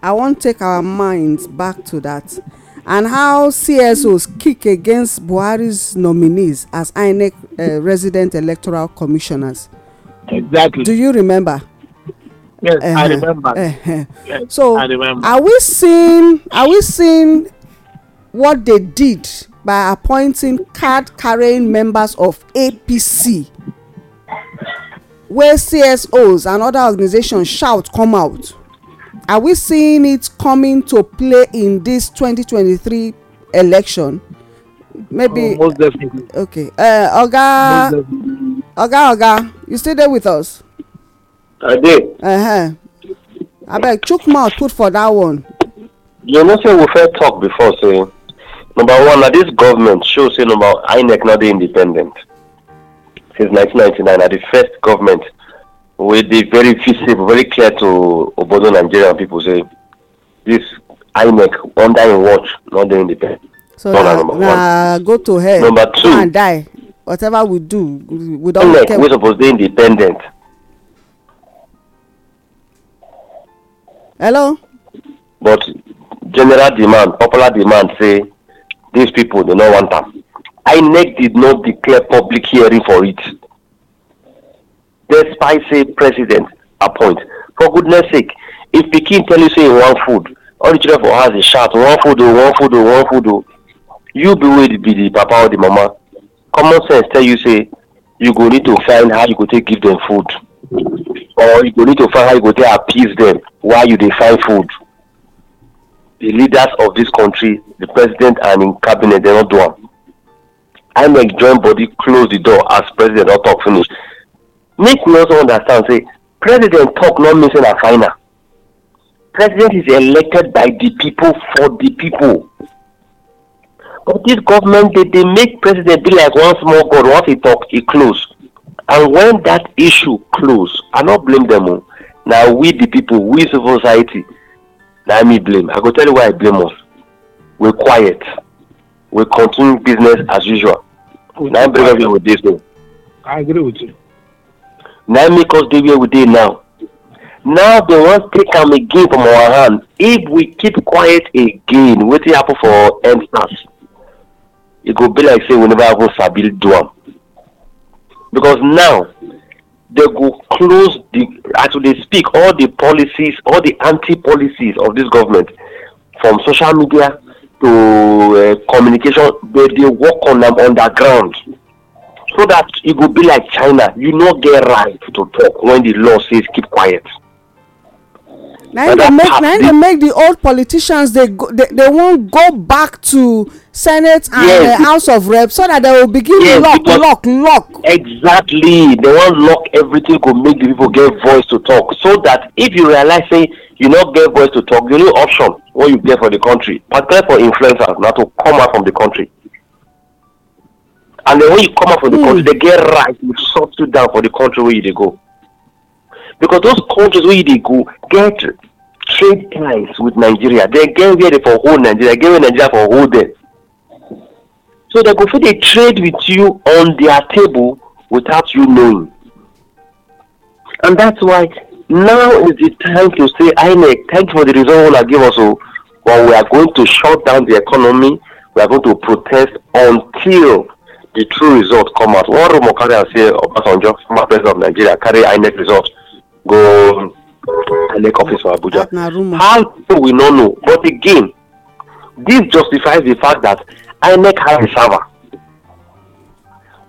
i wan take our minds back to that and how csos kick against buhari's nominees as inec uh, resident electoral commissioners. exactly do you remember. yes uh -huh. i uh-huh. remember. Uh-huh. yes, so I remember. are we seeing are we seeing what they did by appointing card carrying members of apc wey csos and other organizations shout come out are we seeing it coming to play in this 2023 election maybe oh, most definitely okay uh, oga oga oga you stay there with us i did. uh-huh. I beg. chook mouth put for that one you know say we first talk before say number one na this government shows say number inec not independent since 1999 na the first government we dey very visible very clear to obodo nigerian people. say dis inec under im watch not dey independent so na go to hell number two and die whatever we do we don't care. inec supposed to be independent hello but general demand popular demand say these people do not want am inec did not declare public hearing for it The spicy president appoint for goodness sake if Pekin tell you say you wan food all the children for house dey shout One food o oh, one food o oh, one food o oh. you be wey be the papa or the mama common sense tell you say you go need to find how you go take give them food or you go need to find how you go take appease them while you they find food the leaders of this country the president and in cabinet they no do I make join body close the door as president don talk finish make we also understand say president talk no mean say na final president is elected by di pipo for di pipo but dis government dey dey make president be like one small god once e talk e close and when dat issue close i no blame dem o oh. na we di pipo we civil society na me blame i go tell you why i blame us we quiet we continue business as usual na im bring everything we dey so. i agree with you. Now make us dey where we dey now now dem wan take am again from our hands. if we keep quiet again what will happen for us? It could be like say we never have a do am because now they go close the as they speak all the policies all the anti policies of this government from social media to uh, communication dem they work on them underground. ground so that you go be like china you no get right to talk when the law says keep quiet na im dey make na im dey make the old politicians dey go dey dey wan go back to senate and yes, uh, house of reps so that they go begin yes, lock lock lock. exactly they wan lock everything go make the people get voice to talk so that if you realize say you no get voice to talk the only option wey you get for the country particularly for influencers na to come out from the country And then when you come out from the mm. country, they get right, you shut you down for the country where you go. Because those countries where you go get trade ties with Nigeria. They get where for whole Nigeria, they get where Nigeria for whole them. So they go for they trade with you on their table without you knowing. And that's why now is the time to say, INEC, thank you for the result I give us. So, oh. well, we are going to shut down the economy. We are going to protest until the true result come out one rumour carry am say obasanjo former president of nigeria carry inec result go inec office for abuja how do we no know but again this justifies the fact that inec has a server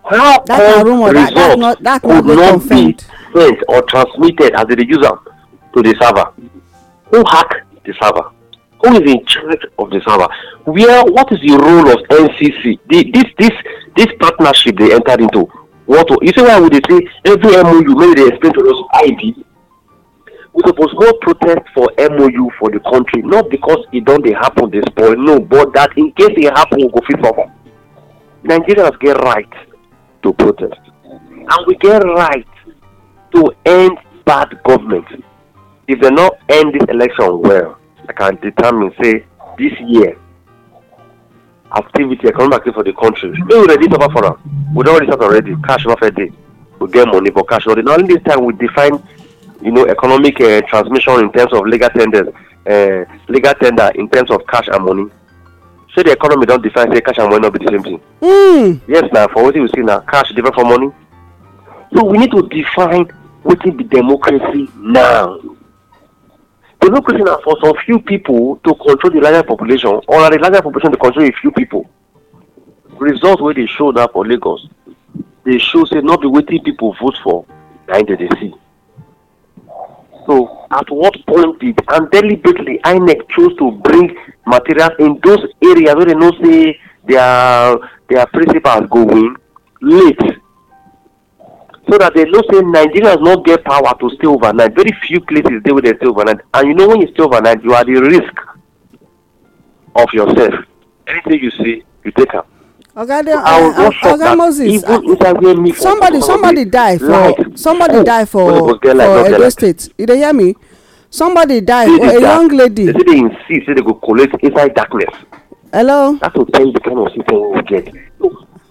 how come result that, not, that could not be sent or transmitted as they user to the server who hack the server who is in charge of the server? Where what is the role of NCC? The, this this this partnership they entered into. What you see why would they say every MOU maybe they explain to us ID. We suppose go protest for MOU for the country, not because it don't they happen this point, no, but that in case it happen we'll go fit suffer. Nigerians get right to protest. And we get right to end bad government. If they not end this election well, can determine, say, this year, activity, economic activity for the country. We will ready cover for them. We don't already start already. Cash not a day. We get money, but cash already. Now, this time, we define, you know, economic uh, transmission in terms of legal tender, uh, legal tender in terms of cash and money. So the economy don't define, say, cash and money not be the same thing. Mm. Yes, now, for what we see now, cash different from money. So we need to define what is the democracy now. The democracy now for some few people to control the larger population or the larger population to control a few people. results where they show now for Lagos They show say no be wetin people vote for na im dem see. So at what point did and deliberately INEC chose to bring materials in those areas where dem know say their their principals going late so that they know say nigerians no get power to stay overnight very few places dey wey dey stay overnight and you know when you stay overnight you are the risk of yourself anything you see you take am. oga de oga moses uh, somebody somebody oh, die for somebody die for for edo state you dey hear me somebody die a young lady. they say dey insist say they go collect inside darkness. hello. that go tell you the kind of system we get.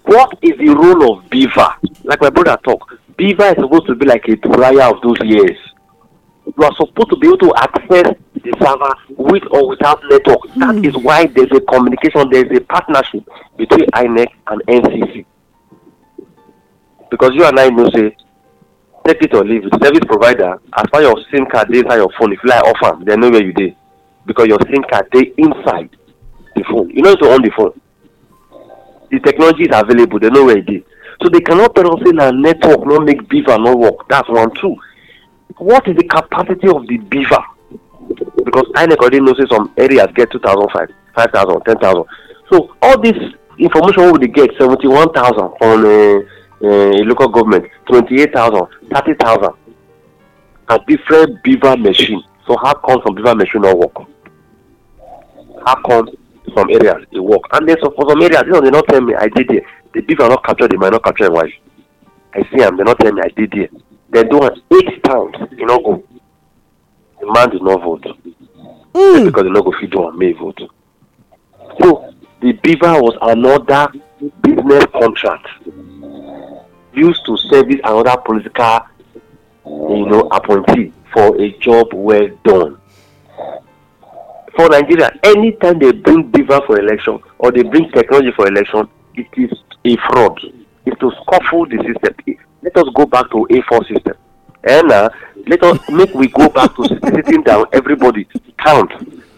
what is the role of beaver like my brother talk Beaver is supposed to be like a prior of those years. You are supposed to be able to access the server with or without network. Mm. That hmm. is why there's a communication, there's a partnership between INEC and NCC. Because you and I know, say, take it or leave it. Service provider, as far as your SIM card is inside your phone, if you like off am, they know where you did, Because your SIM card is inside the phone. You know to own the phone. The technology is available, they know where e dey. So they cannot tell us in a network not make beaver not work. That's one two. What is the capacity of the beaver? Because INEC already knows say some areas get 2,005, 5,000, 10,000. So all this information we get seventy-one thousand from uh, uh, a uh, local government twenty-eight thousand thirty thousand na different beaver machine so how come some beaver machine not work how come some areas it work and then so for some areas you know they no tell me i did it the beef are not capture; they might not capture a wife. I see them, they're not telling me I did here. They do an eight pounds in Ogo. The man did not vote. Mm. Because the logo feed on may vote. So the beaver was another business contract used to service another political you know appointee for a job well done. For Nigeria, anytime they bring beaver for election or they bring technology for election, it is a fraud is to scuffle the system. Let us go back to A4 system. And uh, eh, let us make we go back to sitting down everybody count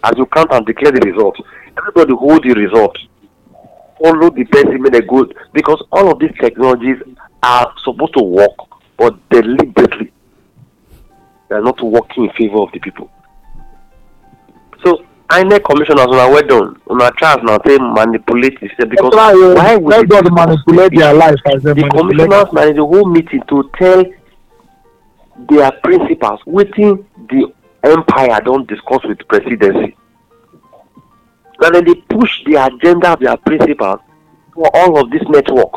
as you count and declare the results. Everybody hold the results. Follow the best, make good because all of these technologies are supposed to work, but deliberately they are not working in favor of the people. So INEC commissioners una well done una chance na say manipulate the system because uh, why would let God manipulate their lives as they the commissioners na in the whole meeting to tell their principals wetin the empire don discuss with presidency na dem dey push the agenda of their principals for all of this network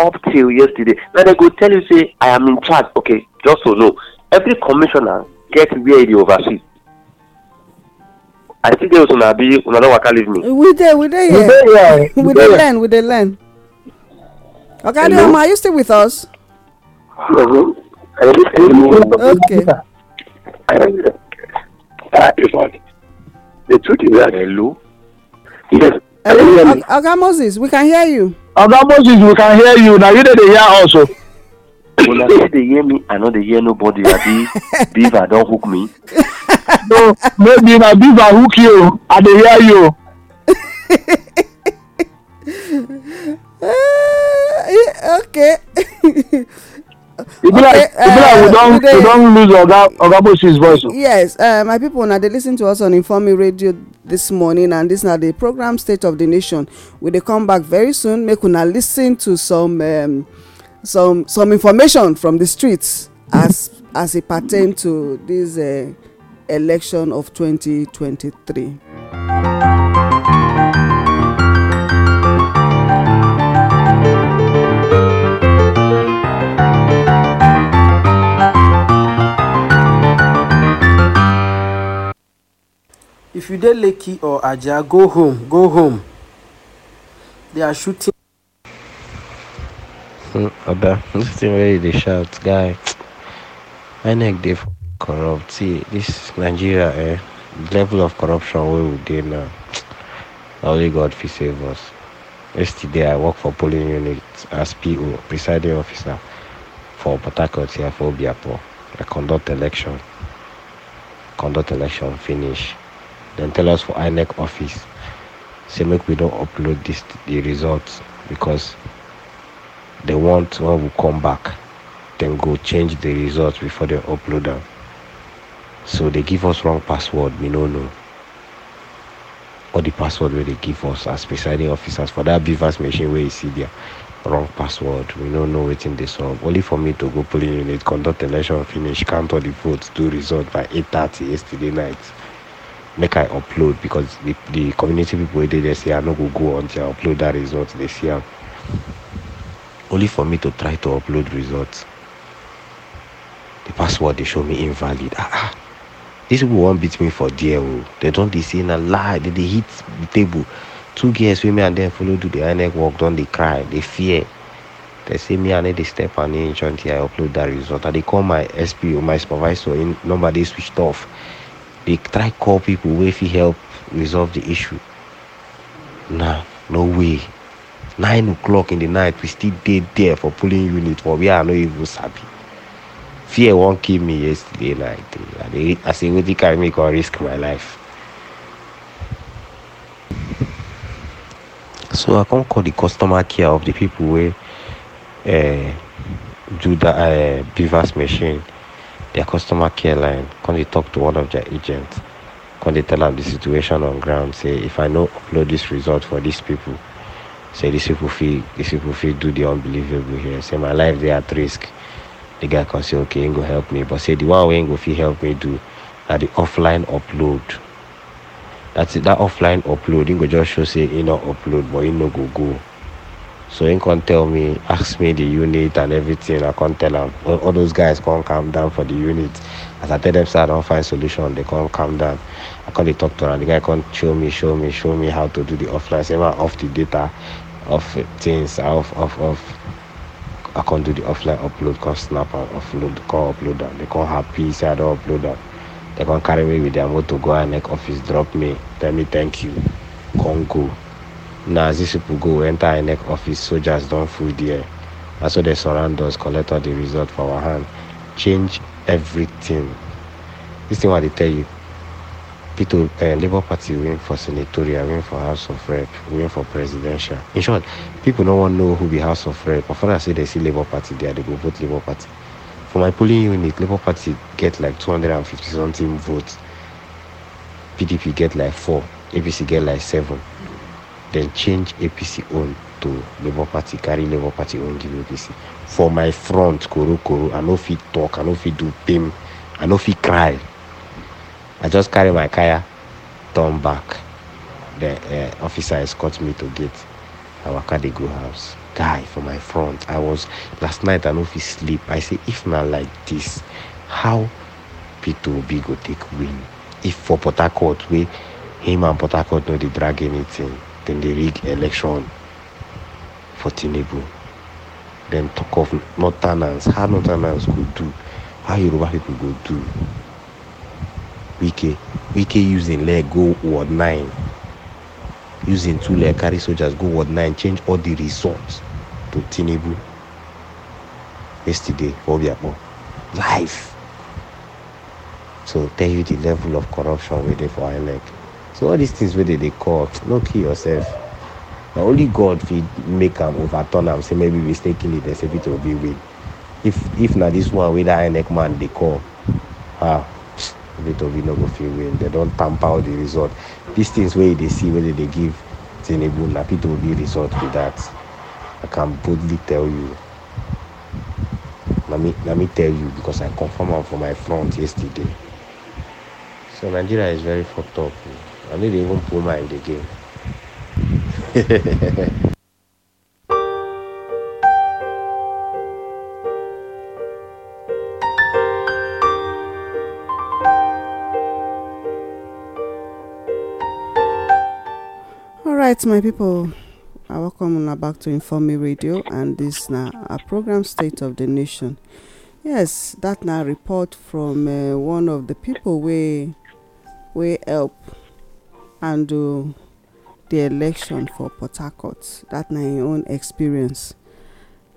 up till yesterday na dem go tell you say i am in charge okay just to so know every commissioner get where he dey oversee I still dey with una abi una don waka leave me. We dey we dey here. We dey learn we dey learn. Oga Adeoma are you still with us? Okay. Ah, the truth is that. Hello. Yes. Hello. Oga Moses we can hear you. Oga Moses we can hear you Now you dey dey hear also. Una still dey hear me I know they hear nobody abi beaver Don't hook me so maybe na beef and hook you i dey hear you. uh, okay. e be like e be like we uh, don we don lose oga oga bosi's voice. yes uh, my people una dey lis ten to us on informe radio this morning and this na the program state of the nation we dey come back very soon make una lis ten to some um, some some information from the streets as as e pertain to this. Uh, election of 2023. if you dey lekki or ajah go home go home they are shooting. Hmm, oga this thing wey you dey shout guy my neck dey fall. corrupt. See, this Nigeria, eh, level of corruption we do now, only God will save us. Yesterday, I work for polling unit as PO, presiding officer for Port here for Obiapo. I conduct election, conduct election finish. Then tell us for INEC office, say make we don't upload this the results because they want when we come back, then go change the results before they upload them. so they give us wrong password we no know Or the password wey they give us as presiding officers for that beavers machine wey you see there wrong password we no know wetin dey solve. only for me to go polling unit conduct election finish count all the votes do result by eight thirty yesterday night make i upload because the the community people wey dey there say i no go go until i upload that result dey see am only for me to try to upload result the password dey show me invalid ah ah These people won't beat me for dear. Oh. They don't they say na lie. They, they hit the table. Two girls with me and then follow to the INEC walk down. They cry. They fear. They say me and they step and in until I upload that result. I they call my SPO, my supervisor in number they switched off. They try call people if he help resolve the issue. Nah, no way. Nine o'clock in the night, we still did there for pulling unit for we are not even sabi fear won't kill me yesterday night i, I say wetin carry me come risk my life so i come call the customer care of the people wey uh, do that uh, beavers machine their customer care line come dey talk to one of their agents come dey tell am the situation on ground say if i no upload this result for these people say these people fit these people fit do the unbelievable here say my life dey at risk the guy can say okay he go help me but say the one wey him go fit help me do na the offline upload that's it that offline upload he go just show say he no upload but he no go go so he come tell me ask me the unit and everything i come tell am all, all those guys come calm down for the unit as i tell them say i don find solution they come calm down i come dey talk to am the guy come show me show me show me how to do the offline say ma off the data off things off off off I can't do the offline upload, can't snap and upload, can't upload that. They can't have say I don't upload that. They can't carry me with their motor, go and neck office, drop me, tell me thank you, can't go. Now as these people go, enter a neck office, soldiers don't fool there. And so they surround us, collect all the result for our hand, change everything. This thing what they tell you, People, uh, Labour Party win for senatorial, win for House of Rep, win for presidential. In short, people no one know who be House of Rep. My I say they see Labour Party there, they go vote Labour Party. For my polling unit, Labour Party get like 250 something votes. PDP get like four, APC get like seven. Then change APC own to labour party carry labour party own give apc for my front korokoro i no fit talk i no fit do pain i no fit cry I just carry my kaya, turn back. The uh, officer escorts me to get our waka dey go house. Guy for my front. I was last night I no fit sleep. I say if na like this, how Peter Obi go take win? If for Port we him and Port know they drag anything, Then dey rig election for Tinibu. Then talk of not tenants. how not tenants go do, how Yoruba people go do. Wike. Wike using leg go ward nine. Using two leg carry soldiers go ward nine. Change all the results to Tinubu. Yesterday, Obiakpo. Life. So tell you the level of corruption we dey for leg. So all these things wey they dey call, no kill yourself. The only God will make them overturn them. say maybe mistakenly dem say fit Obi win. If if not this one with that INEC man they call, ah, Vitovi no of fit win. They don't out the result. These things where they see whether they give Tinubu Napi to be result with that. I can boldly tell you. Let me, let me tell you because I confirm for my front yesterday. So Nigeria is very fucked up. I need to even pull the again. right my people. i welcome una back to inform me radio and this now a program state of the nation yes that now report from uh, one of the people we we help and do the election for port harcourt That now your own experience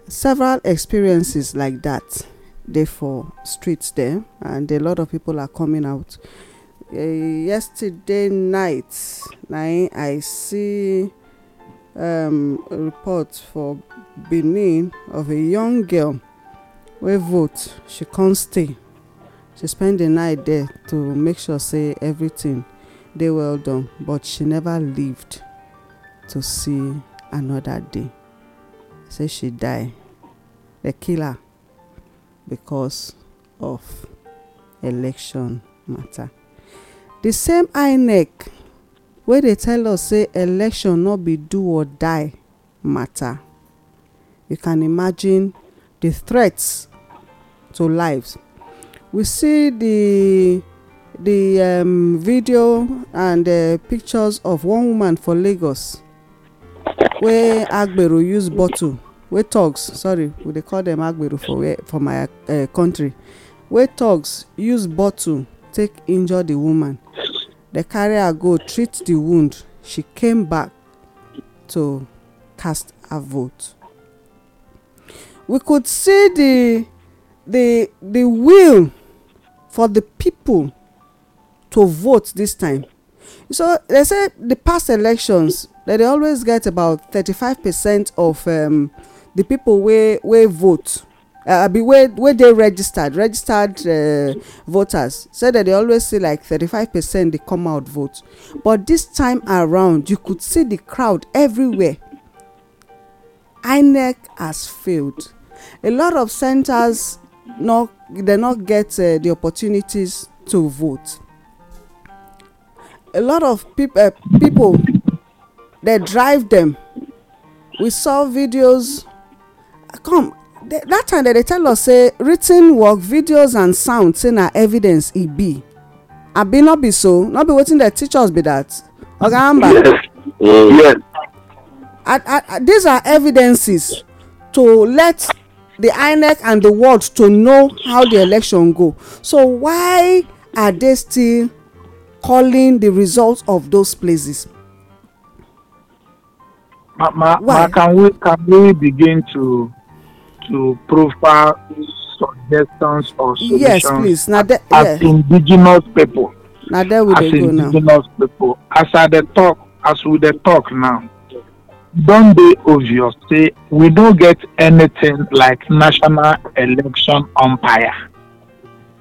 several experiences like that. Therefore, streets there, and a lot of people are coming out Eh, yesterday night na i see um, report for benin of a young girl wey vote she come stay she spend the night there to make sure say everything dey well done but she never lived to see another day say she die dem killer because of election matter The same inec wey dey tell us say election no be do or die matter you can imagine the threats to lives we see the the um, video and uh, pictures of one woman for lagos wey agbero use bottle wey thugs sorry we dey call them agbero for where for my uh, country wey thugs use bottle take injure the woman dem carry her go treat the wound she came back to cast her vote we could see the the the will for the people to vote this time so they say the past elections they dey always get about thirty-five percent of um, the people wey wey vote Uh, be where where they registered registered uh, voters say that they always see like 35 percent they come out vote but this time around you could see the crowd everywhere inec has failed a lot of centers centres they not get uh, the opportunities to vote a lot of people people they drive them. we saw videos come that time they dey tell us say written work videos and sound say na evidence e be abi no be so no be wetin dem teach us be that oga amba yes mm. these are evidences to let the inec and the world to know how the election go so why are they still calling the results of those places ma ma, Why? ma can we can we begin to to profile suggestions or solutions yes, please. Now that, as yeah. indigenous people. Now there we as indigenous now. People. As I the talk, as we the talk now, don't be obvious. Say we don't get anything like national election umpire.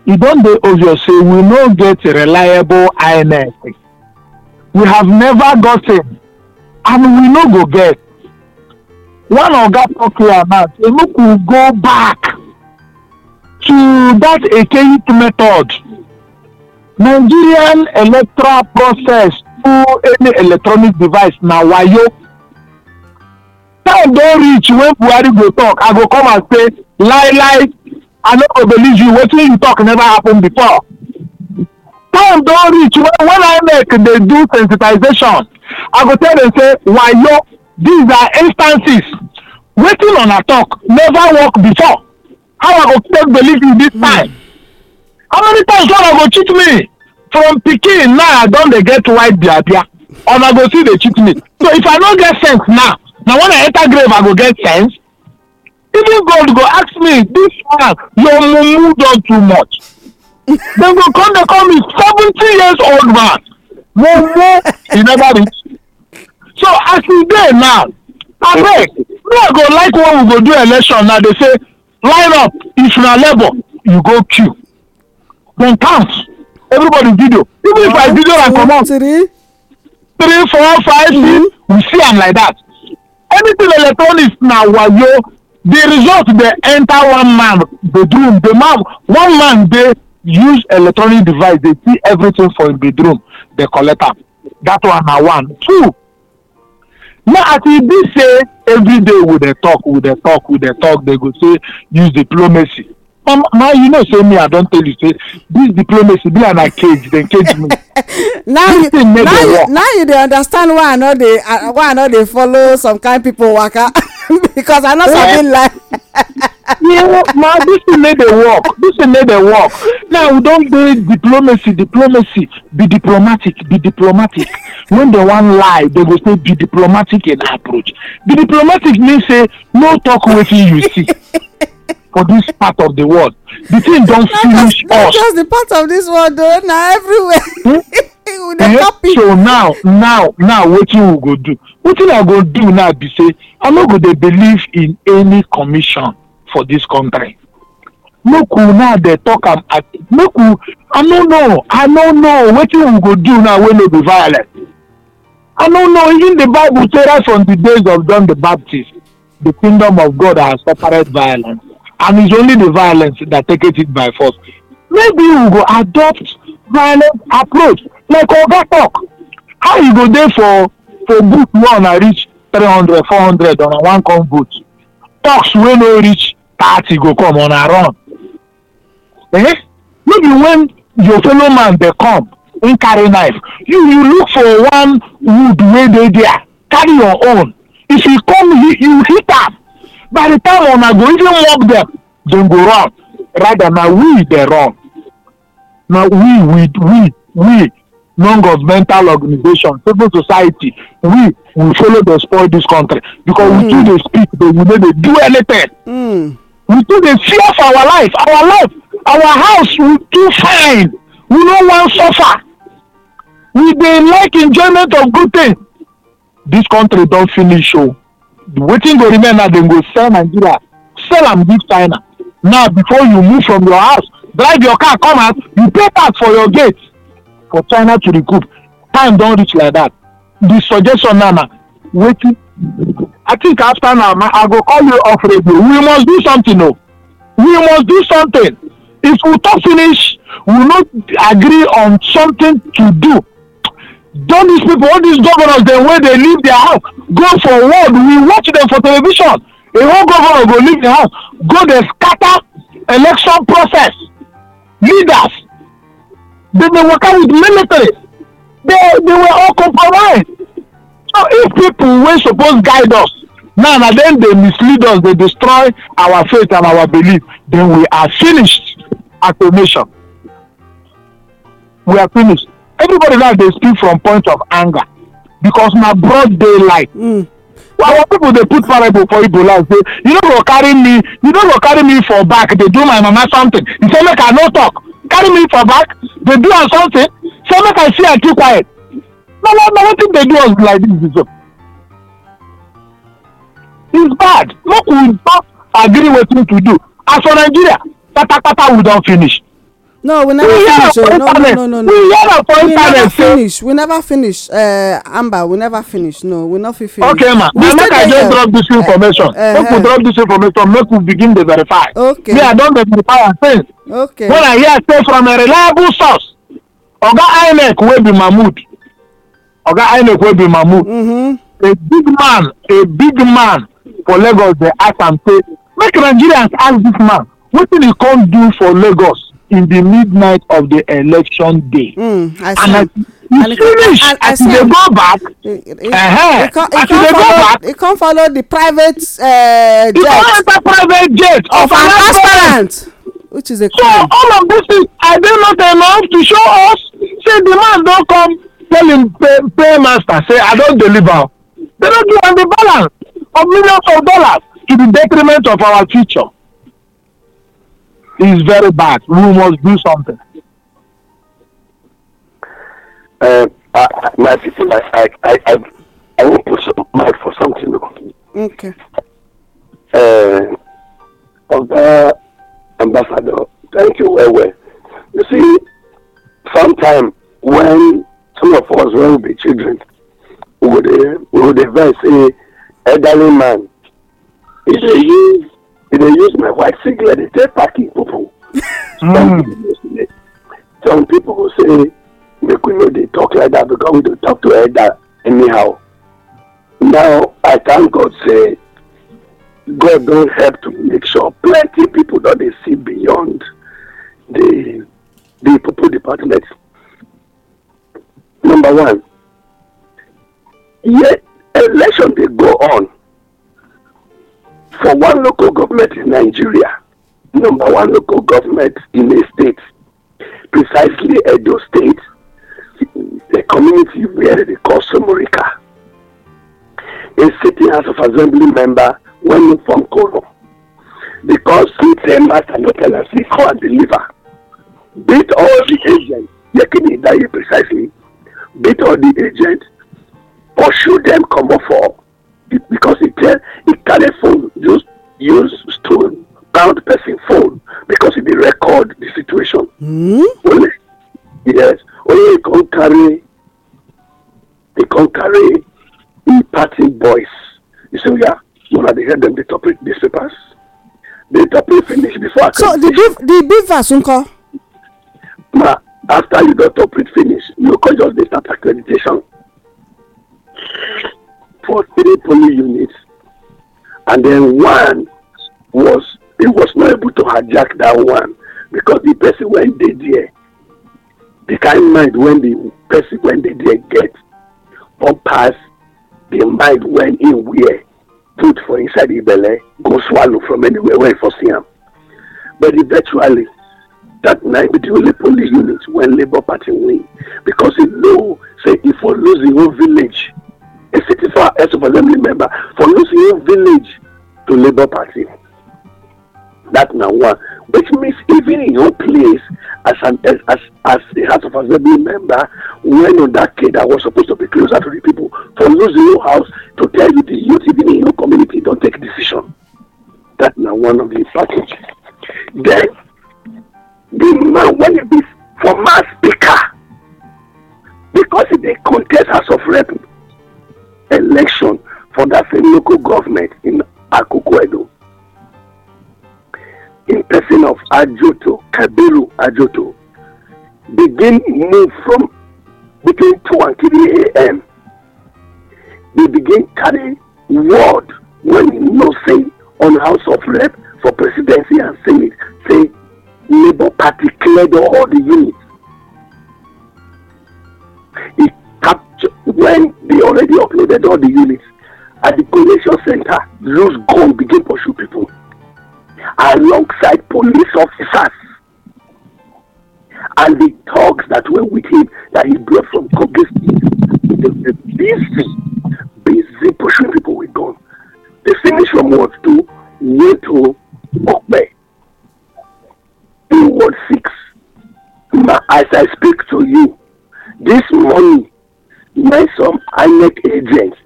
e don dey obvious say we no get reliable inec we have never gotten and we no go get one oga talk here now say make we go back to that archaic method nigerian electoral process through any electronic device na wayo time don reach when buhari go talk i go come and say lie lie i no go believe you wetin you talk never happen before time don reach when when inec dey do sensitization i go tell dem say wayo these are instances wetin una talk never work before how i go take believe you this hmm. time how many times una go cheat me from pikin now i don dey get white bia bia una go still dey cheat me so if i no get sense now na when i enter grave i go get sense even god go ask me this man your mumu don too much dem go come dey call me seventy years old man mumu e never reach so as we dey now abeg no go like when we go do election na dey say line up if na labour you go queue dem count everybody video even if i video am comot three four five six we see am like that anything electronics na wayo the result dey enter one man bedroom the man one man dey use electronic device dey see everything for him bedroom dey collect am that one na one two no as e be say day we dey talk we dey talk we dey talk dey go say use diplomacy ma, you know say me i don tell you say This diplomacy be an cage dem cage me now you now you dey understand uh, why i no dey follow some kind people, waka because i know something lie. yeah, ma this thing no dey work this thing no dey work now we don dey diplomacy diplomacy be diplomatic be diplomatic when dem wan lie dem go say be diplomatic in approach be diplomatic mean say no talk wetin you see for this part of the world The thing don finish us. not just the part of this world o na everywhere. Hmm? Eh, eh, so now now now wetin we go do wetin i go do now be say i no go dey believe in any commission for dis country make we now dey talk am make we i no know i no know wetin we go do now wey no be violent i no know even the bible say right from the days of john the baptist the kingdom of god has suffered violence and it's only the violence that taketh it by force maybe we go adopt violent approach like oga talk how e go dey for for group one I reach three hundred four hundred una wan come vote talks wey no reach thirty go come on a run eh no be when your fellow man dey come him carry knife you you look for one wood wey dey there carry your own if he come you, you hit am by the time una go even mock dem dem go run rather na we dey run Now we we we we non-governmental organization, civil society we we follow dey spoil dis country because mm. we too hmm. dey speak but we no dey do anything mm. we too dey fear for our life our life our house we too fine we no wan suffer we dey like enjoyment of good things dis country don finish o oh. wetin go remain na dem go sell nigeria sell am give china now before you move from your house drive your car come out you pay tax for your gate for china to recoup time don reach like that the suggestion now na wetin i think after now i go call you off radio we must do something o oh. we must do something if we talk finish we no agree on something to do don these people all these governors dem wey dey leave their house go for world we watch dem for television a whole governor go leave their house go dey scatter election process leaders. They were working with military. They, they were all compromised. So if people were supposed to guide us, now and then they mislead us, they destroy our faith and our belief, then we are finished as a nation. We are finished. Everybody now they speak from point of anger because my broad daylight. Mm our people dey put parable for igbo land say you no go carry me you no go carry me for back dey do my mama something he say make i no talk carry me for back dey do am something say make i see i too quiet na na na wetin dey do us like this be so it's bad make we just agree wetin to do as for nigeria patapata we don finish No, we never we finish. Oh, no, no, no, no, no. We hear of we never finish. We never finish. Uh, Amber, we never finish. No, we not finish. Okay, ma. We make I just drop this information. Uh, uh, make we drop this information. Make we begin to verify. Okay. Me, I don verify and since. Okay. When I hear say from a reliable source, Oga INEC wey be Mahmood. Oga INEC wey be Mahmood. Mm-hmm. A big man, a big man for Lagos dey ask am say, make Nigerians ask this man, wetin he come do for Lagos? in the midnight of the election day. Mm, I see. And as finish as you dey go back uh as you go back e uh-huh, come follow the private uh, jet e come enter private jet of, of an which is a crime. so all of these things I they not enough to show us say the man don come tell him pay pay master say i don deliver they don give am the balance of millions of dollars to the detriment of our future is very bad. We must do something. Uh, I, my sister, I, I, I, I want to put mic for something. Okay. Uh, of the ambassador, thank you, Ewe. You see, sometime when some of us, when we be children, we would, we would advise a elderly man, he's a youth They use my white singlet, they take parking people. Some people will say, make we know they talk like that because we don't talk to elder anyhow. Now, I thank God say, God don't help to make sure plenty people that they see beyond the the people department. Number one, yeah, election they go on for one local government in Nigeria, number one local government in a state, precisely Edo State, the community where they call Somorika, a sitting House of Assembly member went from Koro because two members are not allowed to call and deliver. Beat all the agents, Yekini Dayi precisely, beat all the agents, or pursue them, come for because he tell he carry phone use use stone pound person phone because he dey record the situation. Mm? only yes only he come carry he come carry he party boys you see oya una dey hear dem dey topic these papers dey topic finish before i. so the beef the beef as nko. ma after you don topic finish you go just dey start accreditation fought three police units, and then one was he was not able to hijack that one because the person went dey there the kind mind when the person when they there get don pass the mind when he wear put for inside the belle go swallow from anywhere wey for see am but eventually that night be the only police unit when labour party win because he know say e for lose im own village a citizen as a assembly member for losing your Village to Labour Party. That now one, which means even in your place as an as as, a House of Assembly member, when on that kid that was supposed to be closer to the people, for losing your house to tell you the youth even in your community don't take decision. That now one of the package. Then the man when it is for mass speaker because they contest House of Rep election for that same local government in Akukwedo. In person of Ajoto, Kabiru Ajoto, begin move from between 2 and 3 a.m. They begin carry word when you know say on House of Rep for presidency and Senate, say Labour Party cleared all the units. It when they already uploaded all the units at the collation center, those gun begin pursue people alongside police officers and the thugs that were with him that he brought from Kogi State. They were busy, busy pursuing people with gun. They finish from Ward two, went to Okbe. In Ward 6, as I speak to you, this morning, when some INEC agents,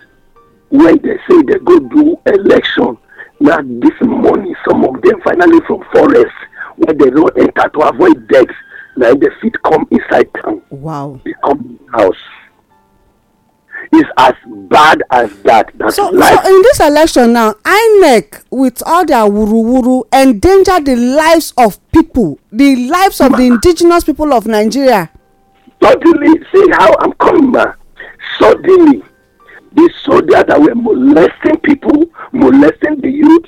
when they say they go do election, na this morning some of them finally from forest wey dem don enter to avoid death na dem fit come inside town. Wow. Become house. is as bad as that. That's so, life. so in this election now, INEC with all their wuruwuru endanger the lives of people, the lives of the indigenous people of Nigeria. Totally. See how I'm coming back suddenly these soldiers that were molesting people, molesting the youth,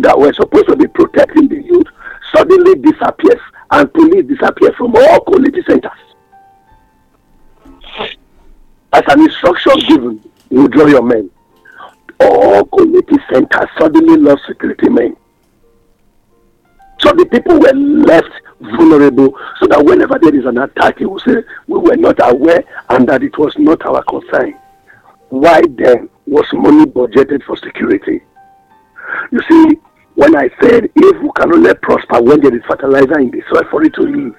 that were supposed to be protecting the youth, suddenly disappears and police disappear from all community centers. As an instruction given, withdraw your men. All community centers suddenly lost security men. So the people were left vulnerable so that whenever there is an attack, he will say, We were not aware and that it was not our concern. Why then was money budgeted for security? You see, when I said evil can only prosper when there is fertilizer in the soil for it to live.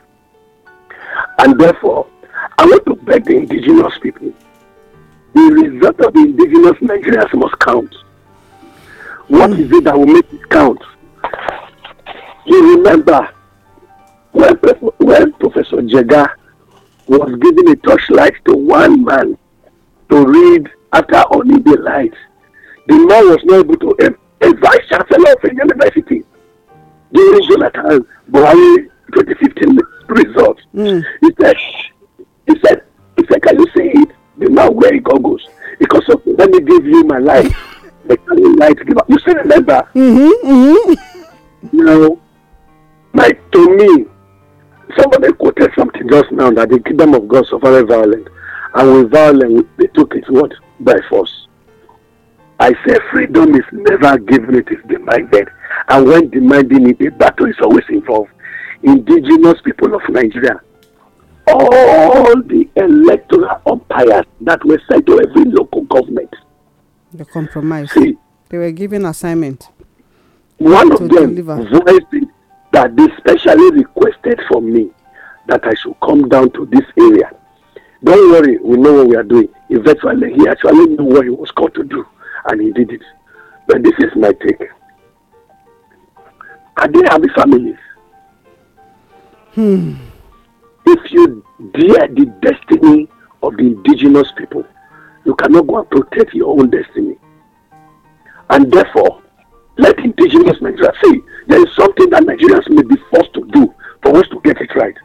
And therefore, I want to beg the indigenous people. The result of the indigenous Nigerians must count. What is it that will make it count? You remember when, when Professor Jega was giving a torchlight to one man to read after only the light, the man was not able to, a, eh, a vice chancellor of a university during Jonathan Buhari 2015 results. Mm. He said, he said, he said, can you see it? The man wearing goggles. Because of, let me give you my life. The light. You still remember? Mm-hmm, mm-hmm. You know, Like to me, somebody quoted something just now that the kingdom of God suffered violence, and with violence they took it what by force. I say freedom is never given; it is demanded, and when demanding it, a battle is always involved. Indigenous people of Nigeria, all the electoral umpires that were sent to every local government. The compromise. See, they were given assignment. One of them deliver. voiced that they specially requested from me that I should come down to this area. Don't worry, we know what we are doing. Eventually, he actually knew what he was called to do, and he did it. But this is my take. Are they happy families? Hmm. If you dare the destiny of the indigenous people, you cannot go and protect your own destiny. And therefore, let indigenous men see There is something that Nigerians may be forced to do for us to get it right.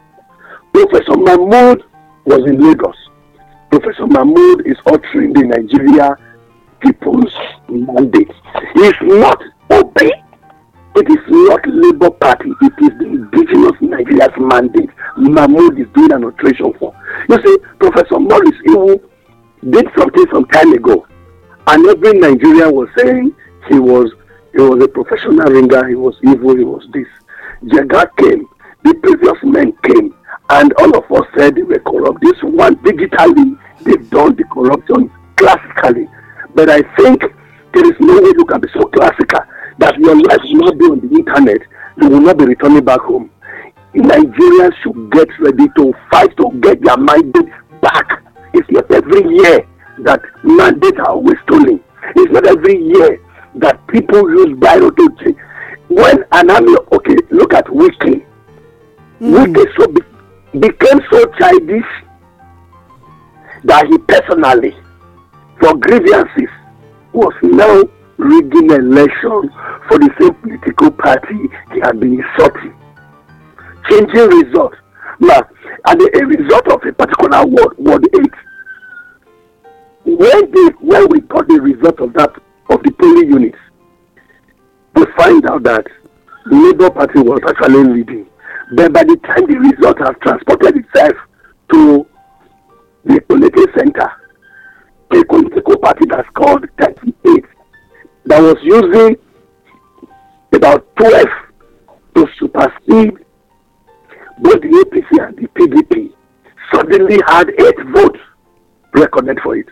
Professor Mahmoud was in Lagos. Professor Mahmoud is uttering the Nigeria people's mandate. He is not obey. It is not Labour Party. It is the indigenous Nigeria's mandate. Mahmoud is doing an alteration for. You see, Professor Morris Iwu did something some time ago, and every Nigerian was saying he was He was a professional ringer. He was evil. He was this. Jega came. The previous men came. And all of us said they were corrupt. This one, digitally, they've done the corruption classically. But I think there is no way you can be so classical that your life will not be on the internet. You will not be returning back home. Nigerians should get ready to fight to get their mandate back. It's not every year that mandates are always stolen. It's not every year that people use biology. When an army, okay, look at Wiki. Mm. Wiki so be, became so childish that he personally, for grievances, was now rigging elections for the same political party he had been insulting, changing results. Now, and the result of a particular word, word eight. when, they, when we got the result of that of the polling units, we find out that the Labour Party was actually leading. But by the time the result has transported itself to the political center, a political party that's called 38 that was using about 12 to supersede both the APC and the PDP suddenly had eight votes recorded for it.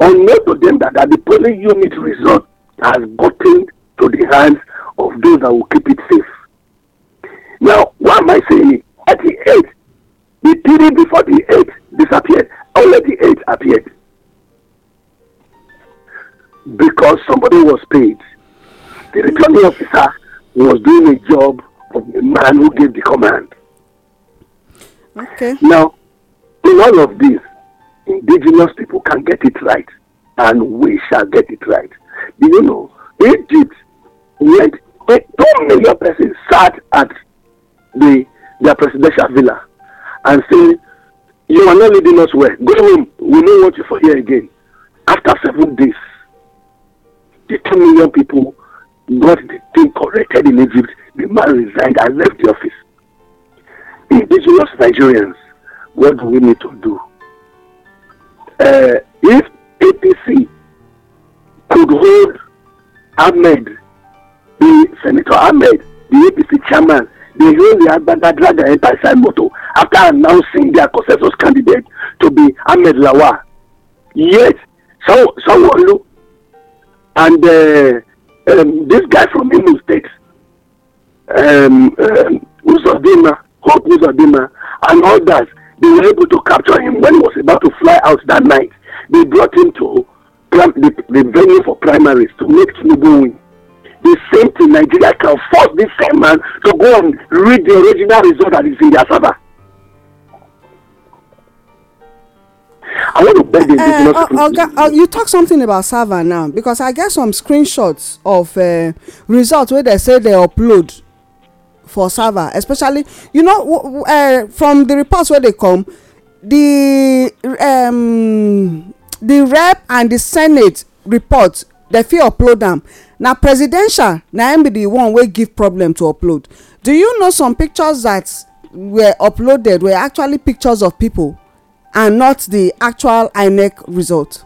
Unknown to them that, that the polling unit result has gotten to the hands of those that will keep it safe. Now, why am I saying At the eight, the period before the eight disappeared. Only the eight appeared. Because somebody was paid. The returning officer was doing a job of the man who gave the command. Okay. Now, in all of this, indigenous people can get it right, and we shall get it right. Do you know Egypt? Yet two million persons sat at the their presidential villa and say, "You are not leading us well. Go home. We don't want you for here again." After seven days, the two million people got the thing corrected in Egypt. The man resigned and left the office. Indigenous Nigerians, what do we need to do? uh, if APC could hold Ahmed, the Senator Ahmed, the APC chairman, the hold the Agbadadraga and Taisai after announcing their consensus candidate to be Ahmed Lawa. Yet, so, Sanwo-Olu and uh, um, this guy from Imo State, um, um, Uzodinma, Hope Uzodinma, and others They were able to capture him when he was about to fly out that night. They brought him to prim- the, the venue for primaries to make Tinubu win. The same thing, Nigeria can force the same man to go and read the original result that is in their server. I want to beg you. Eh, uh, uh, uh, you talk something about server now because I get some screenshots of uh, results where they say they upload for server especially you know uh, from the reports wey dey come the um, the rep and the senate report dem fit upload am na presidential na im be the one wey give problem to upload do you know some pictures that were uploaded were actually pictures of people and not the actual inec result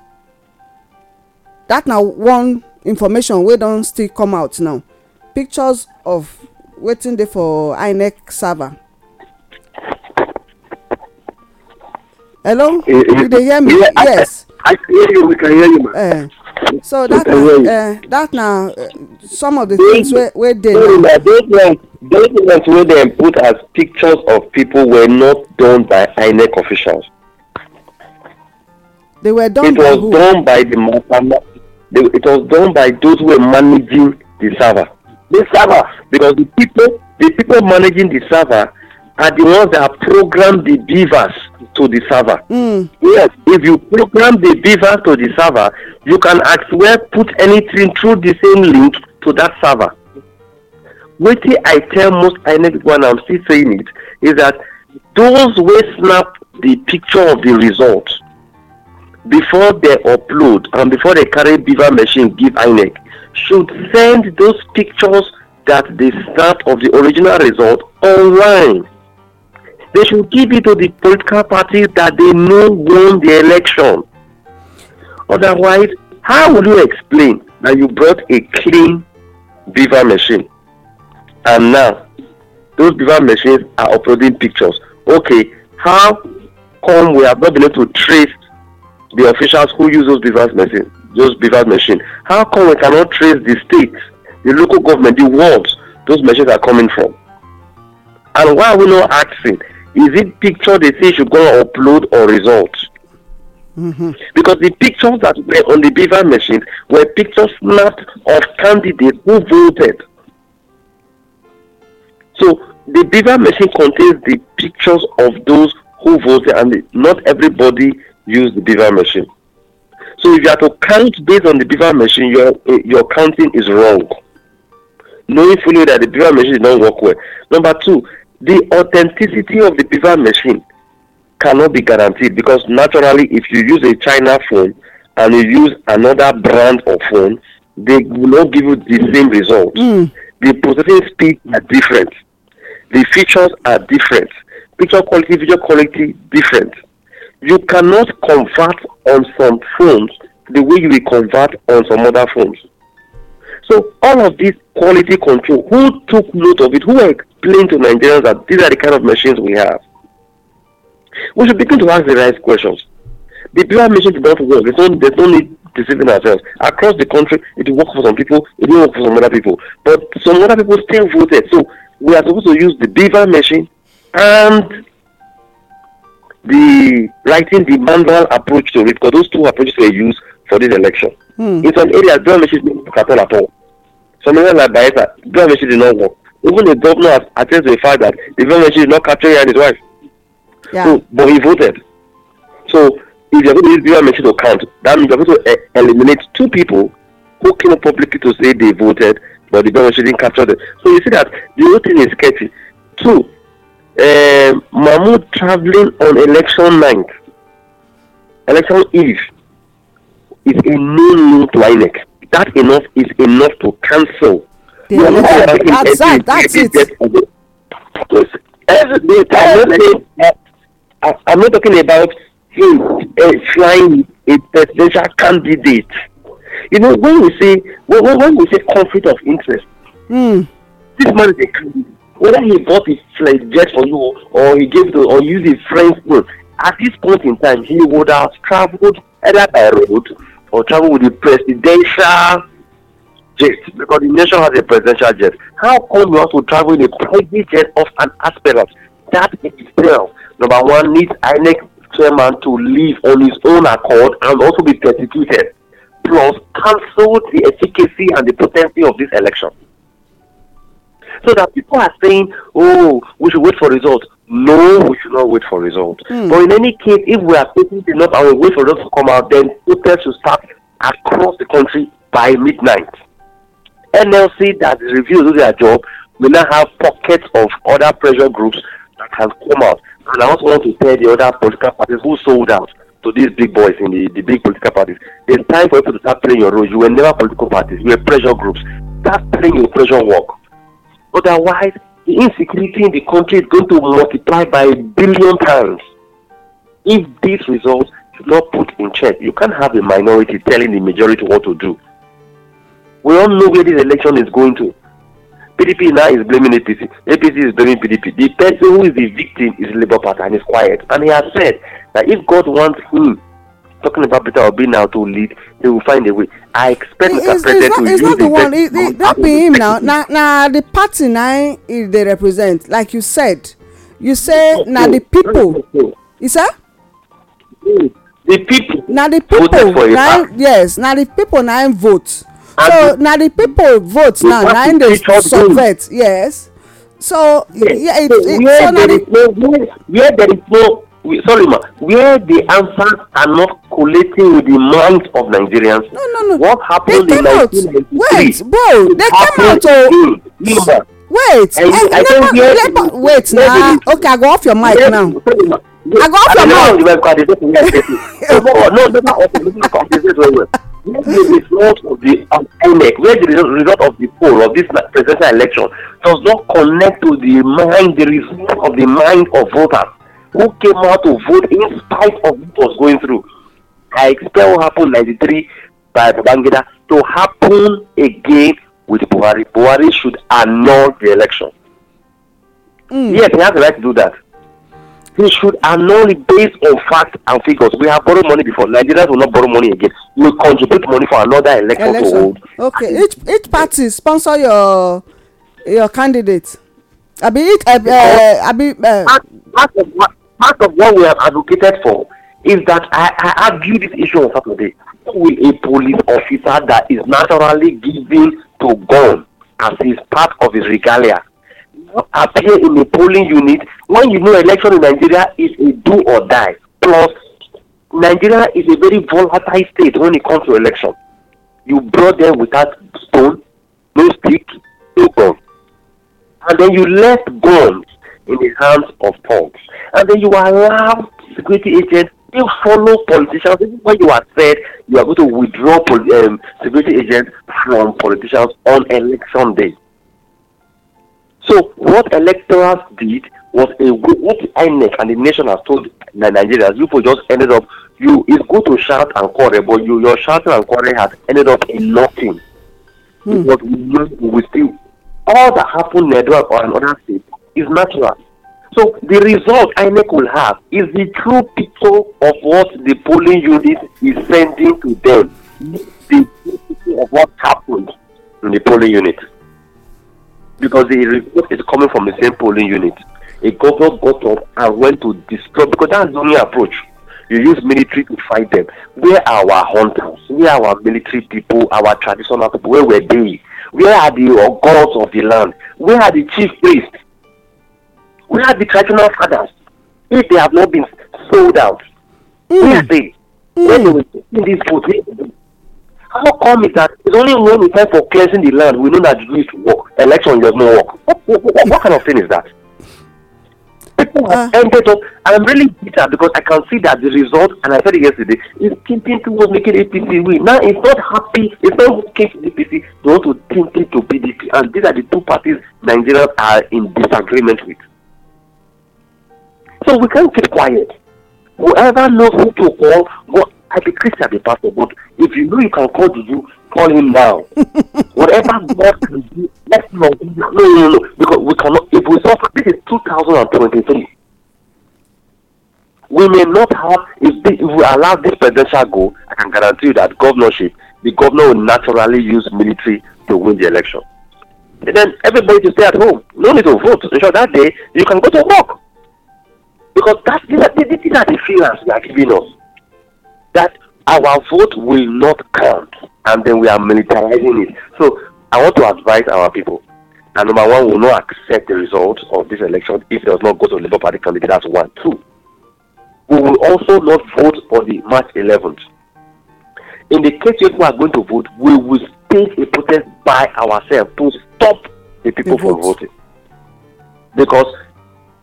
that na one information wey don still come out now pictures of wetin dey for inec server hello eh, eh, you dey hear me yes i can hear you we can hear you ma. Eh, so that na that na some of the things wey dey na. those ones, those ones wey dem put as pictures of people were not done by inec officials. they were done it by who it was done by the it was done by those who were managing the server. the server because the people the people managing the server are the ones that program the divas to the server. Mm. Yes, if you program the divas to the server, you can as well put anything through the same link to that server. What I tell most INEC when I'm still saying it, is that those who snap the picture of the result before they upload and before they carry Beaver machine give INEC, should send those pictures that they snapped of the original result online. They should give it to the political party that they know won the election. Otherwise, how will you explain that you brought a clean beaver machine and now those beaver machines are uploading pictures? Okay, how come we have not been able to trace the officials who use those beaver machines? those beaver machines. How come we cannot trace the state, the local government, the wards those machines are coming from? And why are we not asking? Is it picture they say should go upload or result? Mm-hmm. Because the pictures that were on the beaver machine were pictures snapped of candidates who voted. So the beaver machine contains the pictures of those who voted, and not everybody used the beaver machine. So if you are to count based on the beaver machine, your your counting is wrong. Knowing fully that the beaver machine did not work well. Number two, the authenticity of the beaver machine cannot be guaranteed because naturally, if you use a China phone and you use another brand of phone, they will not give you the same result. Mm. The processing speed are different. The features are different. Picture quality, video quality different. you cannot convert on some phones the way you will convert on some other phones. So all of this quality control, who took note of it? Who explained to Nigerians that these are the kind of machines we have? We should begin to ask the right questions. The PR mission did not work. There's no, there's no need deceiving ourselves. Across the country, it work for some people, it will not work for some other people. But some other people still voted. So we are supposed to use the beaver machine and the writing the manual approach to it because those two approaches were used for this election. Mm. In some areas, drum machines didn't work at all at all. Some areas like Bayelsa, drum machines did not work. Even the governor has attested to the fact that the drum machine did not capture and his wife. Yeah. So, but he voted. So, if you're going to use drum machine to count, that means you're going to eh, eliminate two people who came up publicly to say they voted, but the drum machine didn't capture them. So, you see that the whole thing is sketchy. Two, uh, Mahmoud traveling on election night, election eve, is a no no to INEC. That enough is enough to cancel. The no, That's, every, that's every, it. Every, because every day, uh, I, I'm not talking about him uh, flying a presidential candidate. You know, when we say when, when we say conflict of interest, mm. this man is a candidate whether he bought his flight jet for you or he gave it or used his friend's phone at this point in time he would have traveled either by road or travel with a presidential jet because the nation has a presidential jet how come you also travel in a private jet of an aspirant that itself number one needs inec chairman to leave on his own accord and also be prosecuted, plus cancel the efficacy and the potency of this election. So that people are saying, oh, we should wait for results. No, we should not wait for results. Mm. But in any case, if we are taking enough and we wait for results to come out, then protests to start across the country by midnight. NLC that is do their job will now have pockets of other pressure groups that have come out. And I also want to tell the other political parties who sold out to these big boys in the, the big political parties. It's time for you to start playing your role. You were never political parties, you were pressure groups. Start playing your pressure work. Otherwise, the insecurity in the country is going to multiply by a billion times. If these results do not put in check, you can't have a minority telling the majority what to do. We all know where this election is going to. PDP now is blaming APC. APC is blaming PDP. The person who is the victim is Labour Party and is quiet. And he has said that if God wants him talking about Peter Obi now to lead, they will find a way. I expect it's, Mr. It's President not, to use not the, the one. It, it, that be him now. Now, now the party now they represent, like you said, you say oh, now the people. is that? Ah. The people. Now the people. Now, yes, now the people now vote. And ah, so the, now the people vote now. Now in the subvert. Yes. So yes. yeah, it, it, so now the, where, where there is no sorry ma, where the answers are not collating with the minds of Nigerians. No, no, no. What happened they in out. 1993? Wait, bro, they came out. to Labour. Wait, and, and I Labour, hear, Labour, wait now. Okay, I go off your mic yes, now. Yes. I go off I your mic. no, no, no, no, no, where the result of the of um, where the result of the poll of this presidential election does not connect to the mind, the result of the mind of voters who came out to vote in spite of what was going through. I expect what happened 93 by Babangida to happen again with Buhari. Buhari should annul the election. Mm. Yes, he has the right to do that. He should annul it based on facts and figures. We have borrowed money before. Nigerians will not borrow money again. We will contribute money for another election, election. to hold. Okay, each each party sponsor your your candidate. I mean, it, uh, uh, eh, I mean, uh, part, part, of, part of what we have advocated for is that I, I argue this issue on Saturday. will a police officer that is naturally given to gun as is part of his regalia appear in a polling unit when you know election in Nigeria is a do or die? Plus, Nigeria is a very volatile state when it comes to election. You brought them without stone, no stick, no gun. And then you left guns in the hands of thugs and then you allow security agents you follow politicians This is why you are said you are going to withdraw um, security agents from politicians on election day. So what electors did was a what the INEC and the nation has told Nigerians, you people just ended up you is good to shout and quarrel, but you your shouting and quarrel has ended up in nothing. Hmm. Because we, we still all that happened in Nigeria or another state is natural So the result INEC will have is the true picture of what the polling unit is sending to them, the picture of what happened in the polling unit. Because the report is coming from the same polling unit. A governor got up and went to destroy, because that's the only approach. You use military to fight them. Where are our hunters? Where are our military people, our traditional people? Where were they? Where are the gods of the land? Where are the chief priests? where are the traditional fathers if they have not been sold out? Mm. They, mm. When they were in this boat, how come is that it's only when we time for cleansing the land we know that it to work? Election does not work. What, what, what, kind of thing is that? People have uh, ended up, I'm really bitter because I can see that the result, and I said it yesterday, is thinking was making APC win. Now it's not happy, it's not okay the APC, they want to think it to PDP, and these are the two parties Nigerians are in disagreement with. So we can't keep quiet. Whoever knows who to call, go. I be Christian, I be pastor, but if you know you can call you, call him now. Whatever God can do, let's not. No, no, no, because we cannot. If we suffer, this is 2023. We may not have, if, this, if we allow this presidential go, I can guarantee you that governorship, the governor will naturally use military to win the election. And then everybody to stay at home. No need to vote. So that day, you can go to work. Because that, these, are, these are the feelings they are giving us. That our vote will not count and then we are militarizing it. So I want to advise our people. And number one, will not accept the result of this election if it does not go to the Labour Party candidate. That's one. Two, we will also not vote on the March 11th. In the case we are going to vote, we will take a protest by ourselves to stop the people the from voting. Because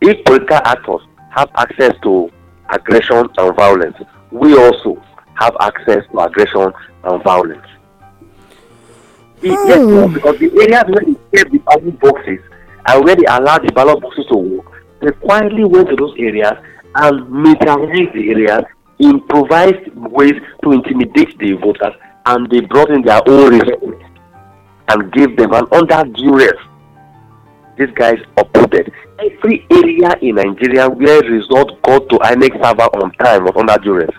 if political actors have access to aggression and violence, we also have access to aggression and violence. Yes, hmm. because the areas where they kept the ballot boxes and where they allowed the ballot boxes to work, they quietly went to those areas and militarized the areas, improvised ways to intimidate the voters, and they brought in their own resources and gave them an under duress these guys uploaded every area in Nigeria where result got to INEC server on time was under duress.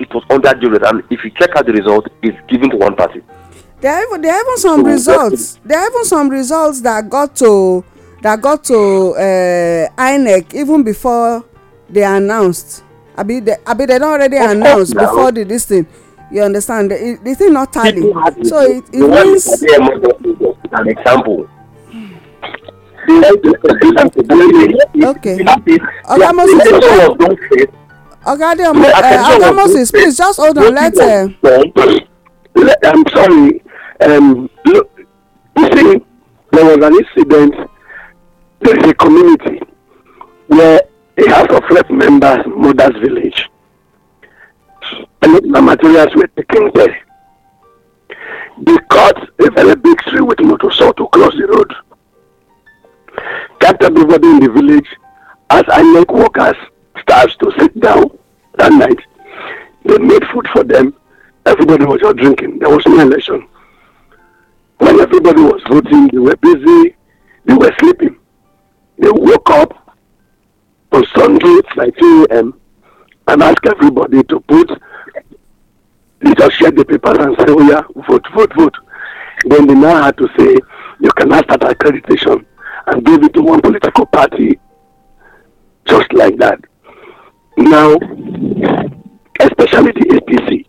It was under duress, and if you check out the result, it's given to one party. There are even, there are even some so results. There are even some results that got to that got to uh, INEC even before they announced. I mean, they, I mean, they don't already of announce before the this thing. You understand? The, the thing not tally. So it, it means. An example okay oga moses oga adeomo um, uh, oga moses please just hold on let. Uh, I'm sorry. Um, look, you see, there was an incident. This is a community where a House of Rep members murders village. And the materials were taken there. They cut a very big tree with motor saw to close the road. gathered everybody in the village as INEC workers, starts to sit down that night. They made food for them. Everybody was just drinking. There was no election. When everybody was voting, they were busy. They were sleeping. They woke up on Sunday at like 2 a.m. and asked everybody to put, they just shared the papers and say, oh yeah, vote, vote, vote. Then they now had to say, you cannot start accreditation and gave it to one political party just like that. Now, especially the APC.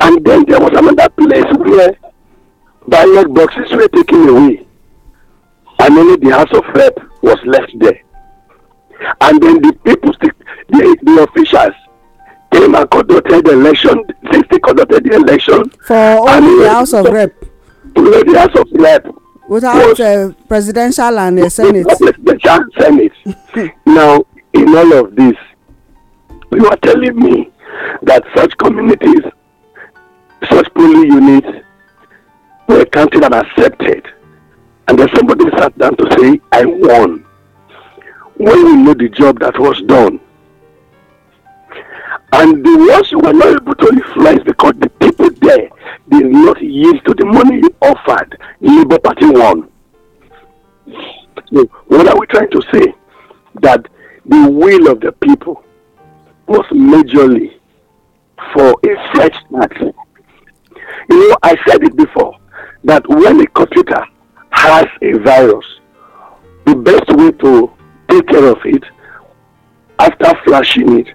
And then there was another place where ballot boxes were taken away, and only the House of Rep was left there. And then the people, the, the, the officials, came and conducted the election, since they conducted the election. For only the House of Rep. For the House of Rep without the presidential and the senate. presidential senate. now, in all of this, you are telling me that such communities, such polling units, were counted and accepted, and then somebody sat down to say, "I won." When we know the job that was done, And the ones who were not able to influence because the people there did not yield to the money you offered, Labour Party won. So, what are we trying to say? That the will of the people was majorly for a fresh start. You know, I said it before that when a computer has a virus, the best way to take care of it after flashing it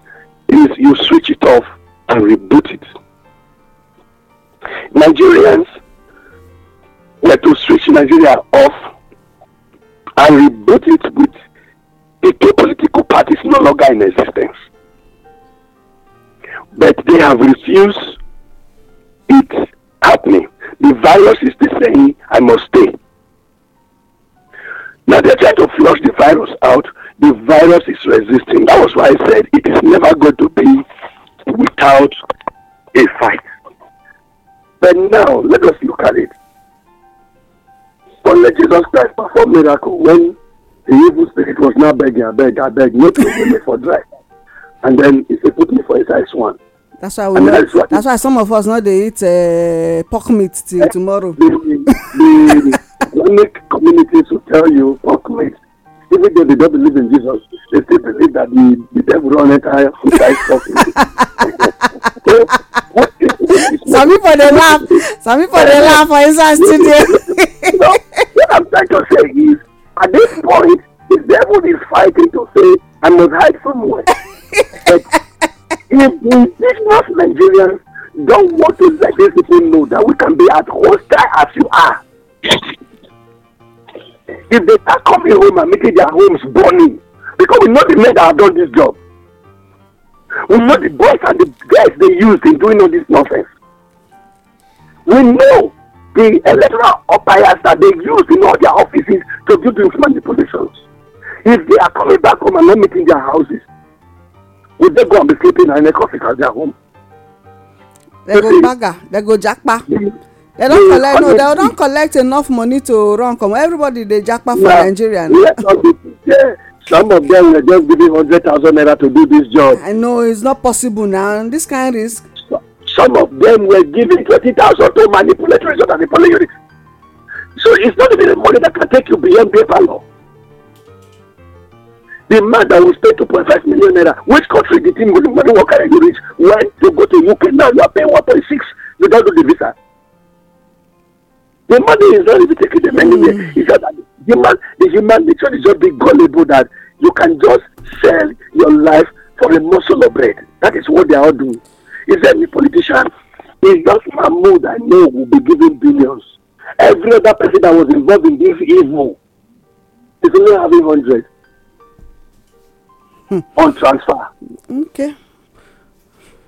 is you switch it off and reboot it. Nigerians were to switch Nigeria off and reboot it with the two political parties no longer in existence. But they have refused it happening. The virus is the same. I must stay. Now they're trying to flush the virus out the virus is resisting. That was why I said it is never going to be without a fight. But now, let us look at it. Only Jesus Christ performed miracle when the evil spirit was now begging, I beg, I beg, not to me for dry. And then he said, put me for a size one. That's why we. That's, what that's why some of us know they eat uh, pork meat till eh, tomorrow. The, the Islamic communities will tell you pork meat even though they don't believe in Jesus, they still believe that the, the devil run entire inside suffering. so, some people they laugh, some people they laugh for inside studio. so, what I'm trying to say is, at this point, the devil is fighting to say, I must hide somewhere. but if indigenous Nigerians don't want to let these people know that we can be as hostile as you are, if they come coming home and making their homes burning because we know the men that have done this job we know the boys and the girls they use in doing all this nonsense we know the electoral umpires that they use in all their offices to do the manipulations if they are coming back home and not making their houses will they go and be sleeping in a coffee house? their home. they go baga they go japa they don collect no they don collect enough money to run come everybody dey japa for nigeria now. some of them were just giving hundred thousand naira to do this job. i know it's not possible now this kind of risk. some of them were giving twenty thousand to manipulate result and the polling unit so it's not even the money that can take you beyond paper law the man that will pay two point five million naira which country the team go the money worker you reach when to go to uk now you are paying one point six without the visa. The money is not even taking them hmm. anywhere. Mm. It's just that the man, the human nature is just be gullible that you can just sell your life for a morsel of bread. That is what they are all doing. Is there any politician? Is that Mahmoud I know will be giving billions. Every other person that was involved in this evil is only having hundred hmm. on transfer. Okay.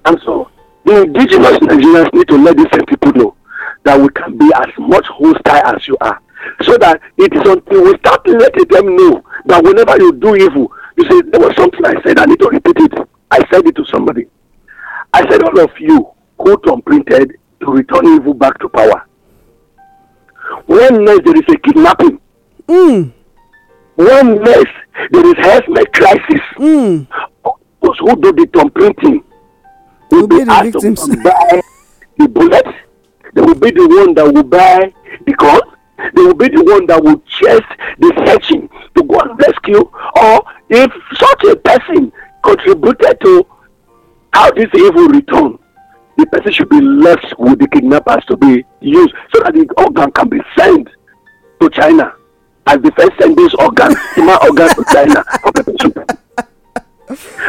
And so the indigenous Nigerians need to let these people know that we can be as much hostile as you are. So that it is until we start letting them know that whenever you do evil, you see There was something I said, I need to repeat it. I said it to somebody. I said, All of you who completed to return evil back to power. When next there is a kidnapping, mm. when next there is health crisis, mm. those who do the printing? will be, be asked victims. to buy the bullets They will be the one that will buy because they will be the one that will chase the searching to go and rescue. Or if such a person contributed to how this evil return, the person should be left with the kidnappers to be used so that the organ can be sent to China. As the first send those organs, human organs to China for people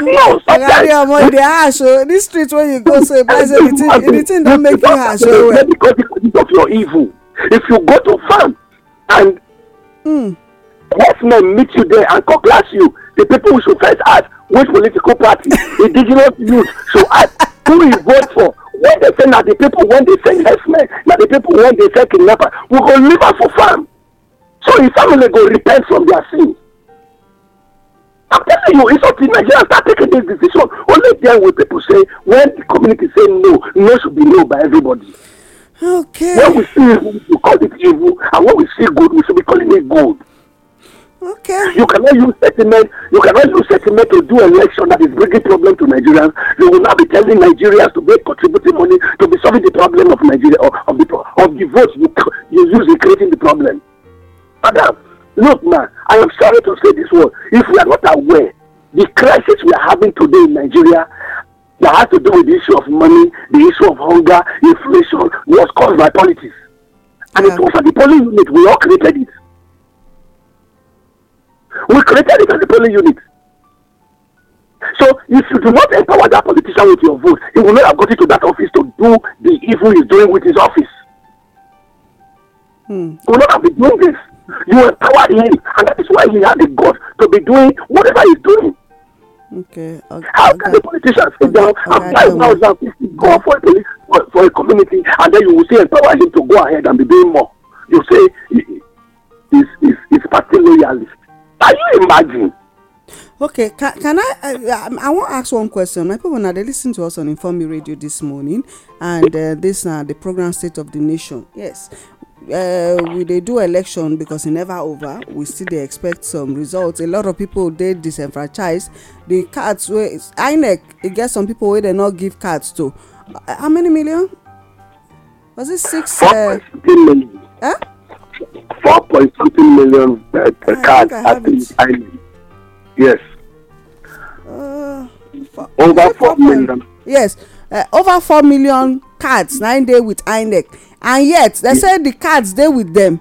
no sometimes. Rabi omo you dey o this street wey you go so e be like say the thing the thing don make you harsh o well. because of your evil if you go to farm and. Mm. herdsmen meet you there and cutlass you the people should first ask which political party indigenous youth should ask who you vote for when they say na the people when they send herdsmen na the people when they send kidnapper we go leave am for farm so the family go repent from their sin I'm telling you, it's up to Nigerians start taking this decision. Only then will people say, when the community say no, no should be no by everybody. Okay. When we see evil, we call it evil, and when we see good, we should be calling it good. Okay. You cannot use sentiment. You cannot use sentiment to do election that is bringing problem to Nigerians. You will not be telling Nigerians to be contributing money to be solving the problem of Nigeria or of the of the votes you you use in creating the problem. Madam, Look, man, I am sorry to say this word. If we are not aware, the crisis we are having today in Nigeria that has to do with the issue of money, the issue of hunger, inflation was caused by politics. And yeah. it was at the polling unit. We all created it. We created it at the polling unit. So if you do not empower that politician with your vote, he will not have got into that office to do the evil he is doing with his office. Hmm. He will not have been doing this. You empower him, and that is why he had the guts to be doing whatever he's doing. Okay. okay How okay. can the politician sit okay. down okay. and five thousand fifty go for a police for, a community, and then you will say empower him to go ahead and be doing more? You say he, he's, he's, he's party loyalist. Can you imagine? Okay, can, can I? Uh, I want ask one question. My people, now they listen to us on Inform Me Radio this morning, and uh, this uh, the program State of the Nation. Yes, Uh, we dey do election because e never over we still dey expect some results a lot of people dey disenfranchised the cards wey inec e get some people wey dem no give cards to uh, how many million was it six Four uh, eh? four point something million uh, cards at inec yes uh, over four million yes uh, over four million cards nine day with inec and yet dem say the cats dey with dem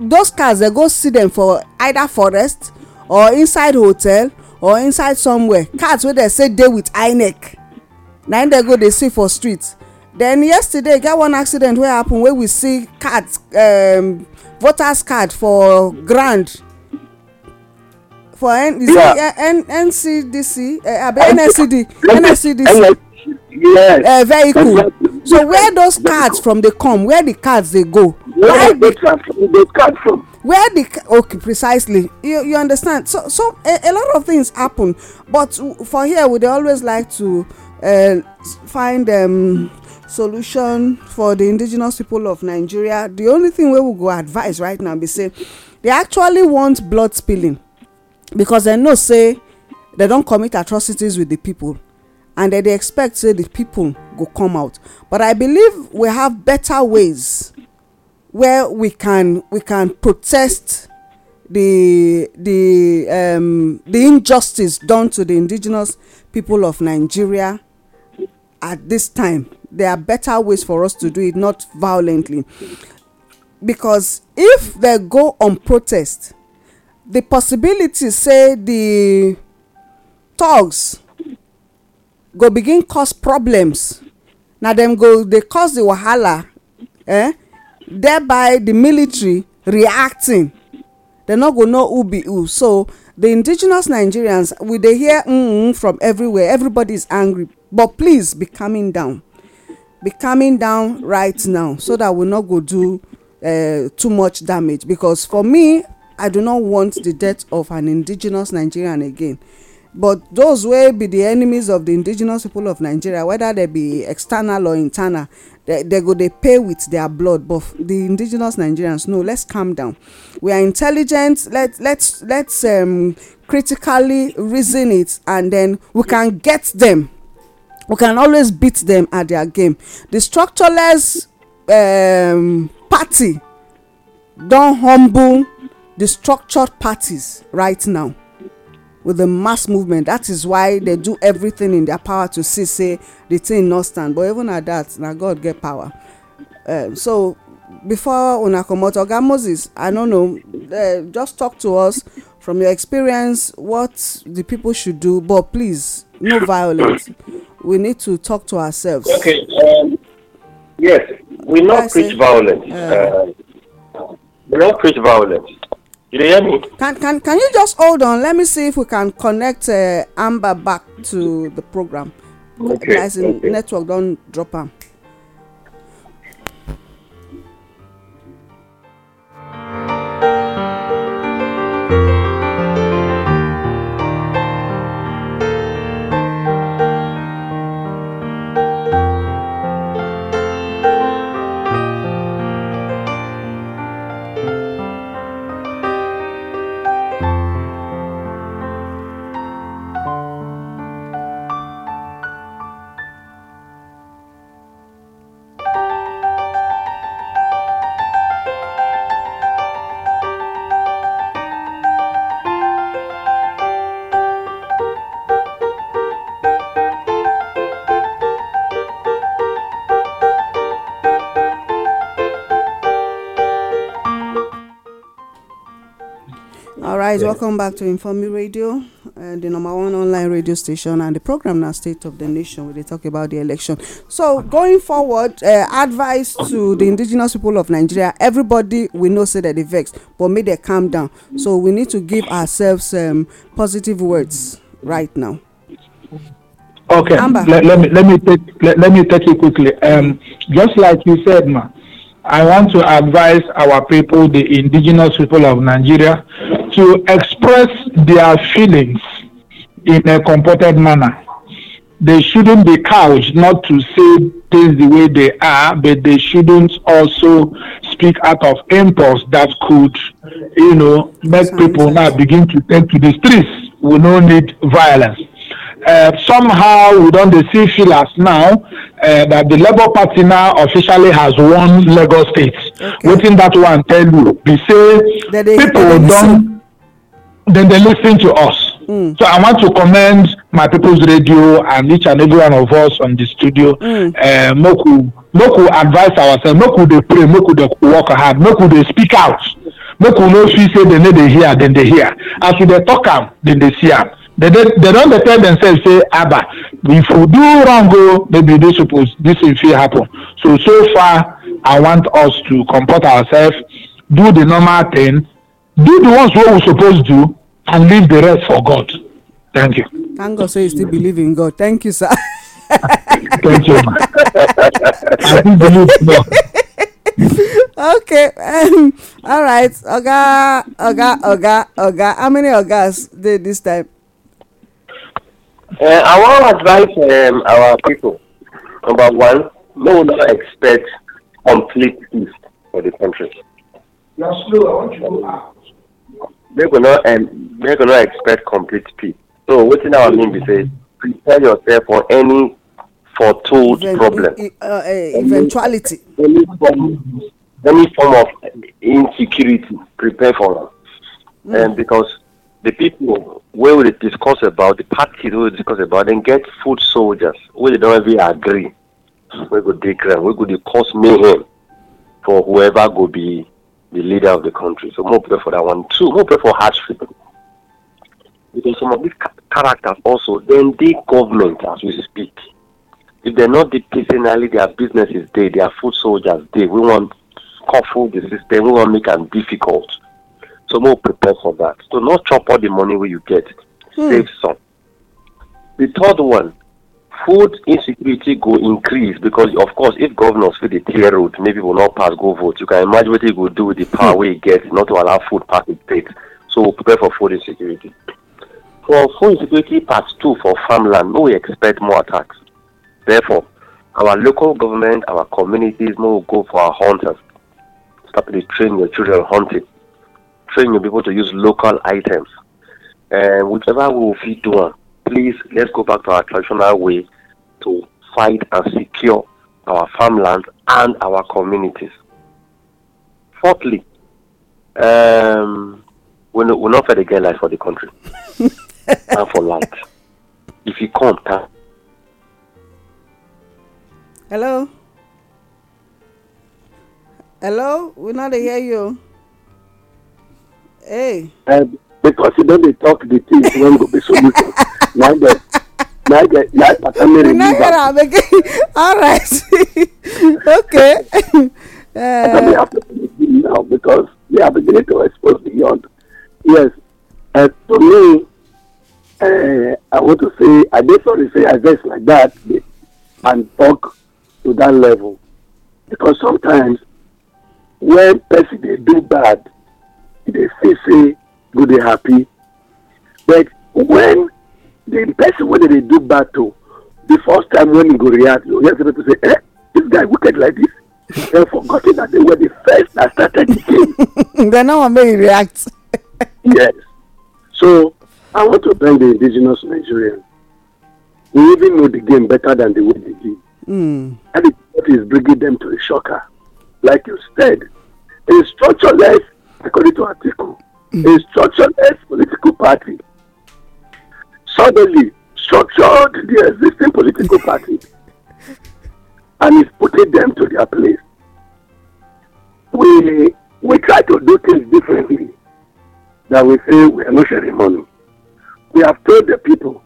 those cats dem go see them for either forest or inside hotel or inside somewhere cats wey dem say dey with inec na im dem go dey see for street then yesterday e get one accident wey happen wey we see cat um, voters card for ground for N is yeah. N NCDC uh, NCD NCDC yes. uh, vehicle so where those cards from dey come where the cards dey go where the cards? card the cards from where the okay precisely you you understand so so a a lot of things happen but for here we dey always like to uh, find um, solution for the indigenous people of nigeria The only thing wey we go advise right now be say they actually want blood spilling because they know say they don commit atrocities with the people. and they expect say people pipo go come out but i believe we have better ways where we can we can protest the the um, the injustice done to the indigenous people of Nigeria at this time. There are better ways for us to do it, not violently. Because if they go on protest, the possibility say the thugs go begin cause problems na dem go dey cause the wahala eh thereby the military reacting dem no go know who be who so the indigenous nigerians we dey hear mm from everywhere everybody is angry but please be calming down be calming down right now so that we no go do eh, too much damage because for me i do not want the death of an indigenous nigerian again but those wey be the enemies of the indigenous people of nigeria whether they be external or internal They go dey pay with their blood but the indigenous nigerians no let's calm down we are intelligent let let's let's um, critically reason it and then we can get them we can always beat them at their game the structureless um, party don humble the structured parties right now with the mass movement that is why they do everything in their power to see say the thing no stand but even at that na god get power uh, so before una comot oga moses i no know uh, just talk to us from your experience what the people should do but please no violence we need to talk to ourselves. okay um, yes we no preach violence uh, uh, we no preach violence You hear me? Can, can, can you just hold on? Let me see if we can connect uh, Amber back to the program. Okay. As in network, don't drop her. thank you right, welcome back to Inform Me Radio, uh, the number one online radio station, and the program now State of the Nation, where they talk about the election. So, going forward, uh, advice to the indigenous people of Nigeria everybody we know say that they vex, but may they calm down. So, we need to give ourselves um, positive words right now. Okay, let, let, me, let, me take, let, let me take it quickly. Um, just like you said, ma, I want to advise our people, the indigenous people of Nigeria, to express their feelings in a comported manner. They shouldn't be cowed not to say things the way they are, but they shouldn't also speak out of impulse that could, you know, make people now begin to take to the streets. We don't need violence. Uh, somehow we don't see fillers now uh, that the Labour Party now officially has won Lagos State. Okay. Within that one tell you, they say that they, people don't. then they listen to us. Mm. So I want to commend my people's radio and each and every one of us on the studio. Mm. Uh, Moku, Moku advise ourselves. Moku they pray. Moku they work hard. Moku they speak out. Moku no she say they need they hear, then they hear. As they talk am, then they see am. They, they, they don't they tell themselves say Abba, if we do wrong go, oh, maybe this suppose this will happen. So so far, I want us to comport ourselves, do the normal thing, do the ones what we supposed to do and leave the rest for God. Thank you. Thank God, so you still believe in God. Thank you, sir. Thank you. I still believe in God. okay um, all right oga oga oga oga how many ogas did this time. Uh, i to advise um, our people number one no no expect complete peace for the country. na slow i want you to act make we no um, make we no expect complete peace so wetin i mean be say prepare yourself for any foretold Even, problem e, uh, uh, eventuality any, form any form of insecurity prepare for am mm. um, because the people wey we dey discuss about the parties wey we discuss about dem get food soldiers wey dey don even agree wey go dey ground wey go dey cause mayhem for whoever go be the leader of the country. So more pray for that one. Two, more pray for hardship. Because some of these characters also, then the government, as we speak, if they're not personally, their business is dead, their food soldiers dead. We want scuffle the system, we want make them difficult. So more prepare for that. So not chop all the money where you get. Hmm. Save some. The third one, food insecurity go increase because of course if governors fit dey clear road maybe will not pass go vote you can imagine wetin it go do with the power wey you get not to allow food pass in state so we prepare for food insecurity for food insecurity part two for farmland no we expect more attacks therefore our local government our communities no go for our hunters start to train your children hunting train your people to use local items and whichever way we fit do am please let's go back to our traditional way to fight and secure our farmland and our communities. Fourthly, um, we no, we'll not fight again like for the country and for land. If you come, ta- hello, hello, we not hear you. Hey. Uh, because you don talk the things wey go be solution. na get na get na pata mi remove am. na get am again alright okay. Uh, we have now because they are beginning to expose beyond. Yes, uh, to me, uh, I want to say I don't sorry say I guess like that and talk to that level because sometimes when person dey do bad e dey feel say go dey happy but when the person when they do battle, the first time when he go react you have to say eh this guy wicked like this dem forgotten that they were the first that started the game. They know how many react. yes so i want to thank the indigenous nigerians we even know the game better than the way they did. Mm. and it is bringing them to a shocker like you said a structureless according to article mm. a hmm. structureless political party suddenly structured the existing political party and is putting them to their place. We we try to do things differently that we say we are not sharing money. We have told the people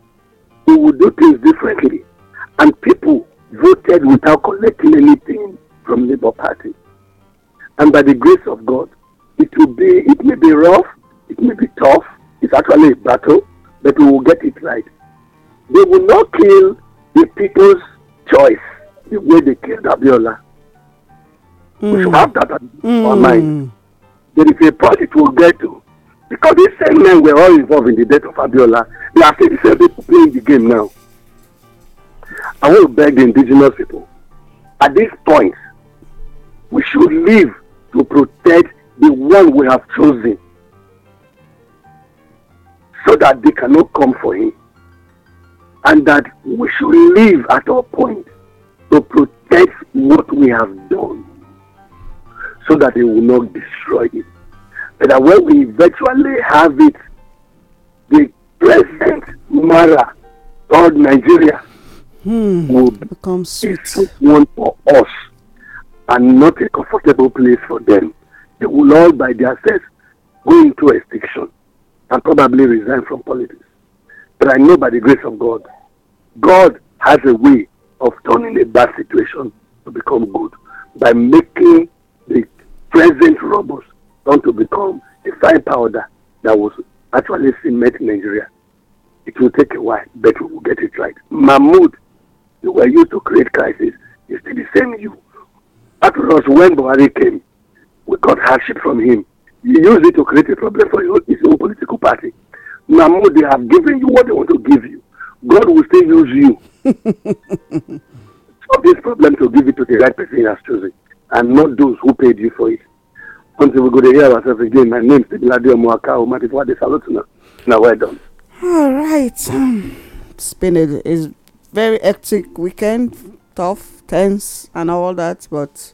we will do things differently and people voted without collecting anything from Labour Party. And by the grace of God, it will be it may be rough, it may be tough, it's actually a battle, but we will get it right. They will not kill the people's choice the way they killed Abiola. Mm. We hmm. should have that on mm. our mind. There is a point it will get to. Because these same men were all involved in the death of Abiola. They are still the same people playing the game now. I will beg the indigenous people. At this point, we should live to protect the one we have chosen so that they cannot come for him. And that we should live at our point to protect what we have done so that it will not destroy it. But that when we eventually have it, the present Mara or Nigeria hmm, will become sweet. one for us and not a comfortable place for them. They will all by themselves go into extinction and probably resign from politics. But I know by the grace of God, God has a way of turning a bad situation to become good by making the present robbers turn to become a fine powder that was actually cement Nigeria. It will take a while, but we will get it right. Mahmoud, you were used to create crisis. It's still the same you. After us, when Buhari came, we got hardship from him you use it to create a problem for your, his own political party. Now, they have given you what they want to give you. God will still use you. solve this problem to give it to the right person you has chosen and not those who paid you for it. Until we go to hear ourselves again, my name is Tibladio Mwaka Omatifwa oh, de Salotuna. Now, we're done. All right. Um, it's been a it's very hectic weekend, tough, tense, and all that, but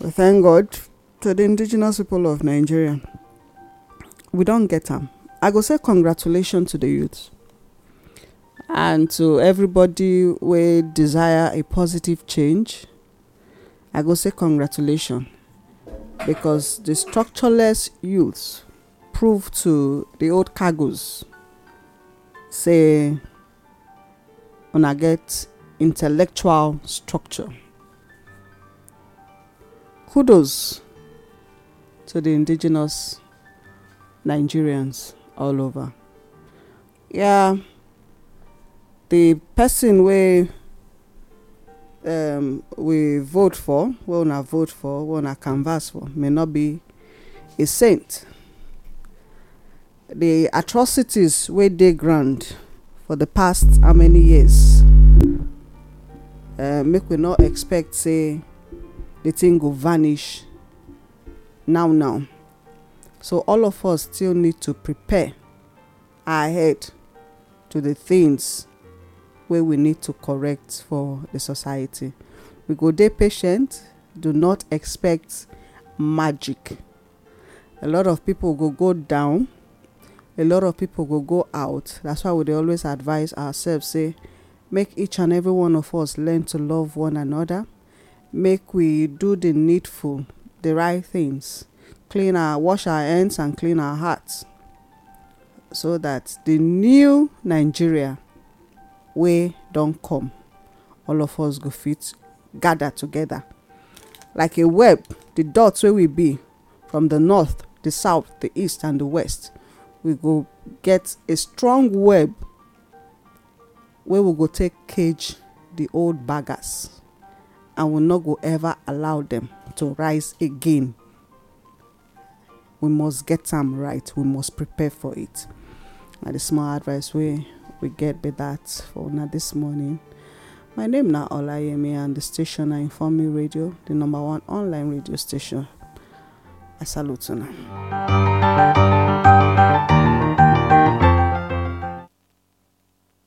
we thank God to the indigenous people of Nigeria. We don't get them. I go say congratulations to the youth and to everybody we desire a positive change. I go say congratulations because the structureless youths prove to the old cargoes say when I get intellectual structure. Kudos to the indigenous Nigerians all over. Yeah, the person we um, we vote for, we wanna vote for, we wanna canvass for, may not be a saint. The atrocities wey dey ground for the past how many years uh, make we not expect say the thing go vanish now now so all of us still need to prepare ahead to the things wey we need to correct for the society we go dey patient do not expect magic a lot of people go go down a lot of people go go out that's why we dey always advise ourselves say make each and every one of us learn to love one another make we do the needful the right things, clean our, wash our hands and clean our hearts, so that the new Nigeria way don't come. All of us go fit gather together like a web. The dots where we be from the north, the south, the east, and the west. We go get a strong web where we go take cage the old baggers and will not go ever allow them to rise again. We must get them right. We must prepare for it. And the small advice we we get be that for now this morning. My name now Olayemi and the station I inform me Radio, the number one online radio station. I salute you now.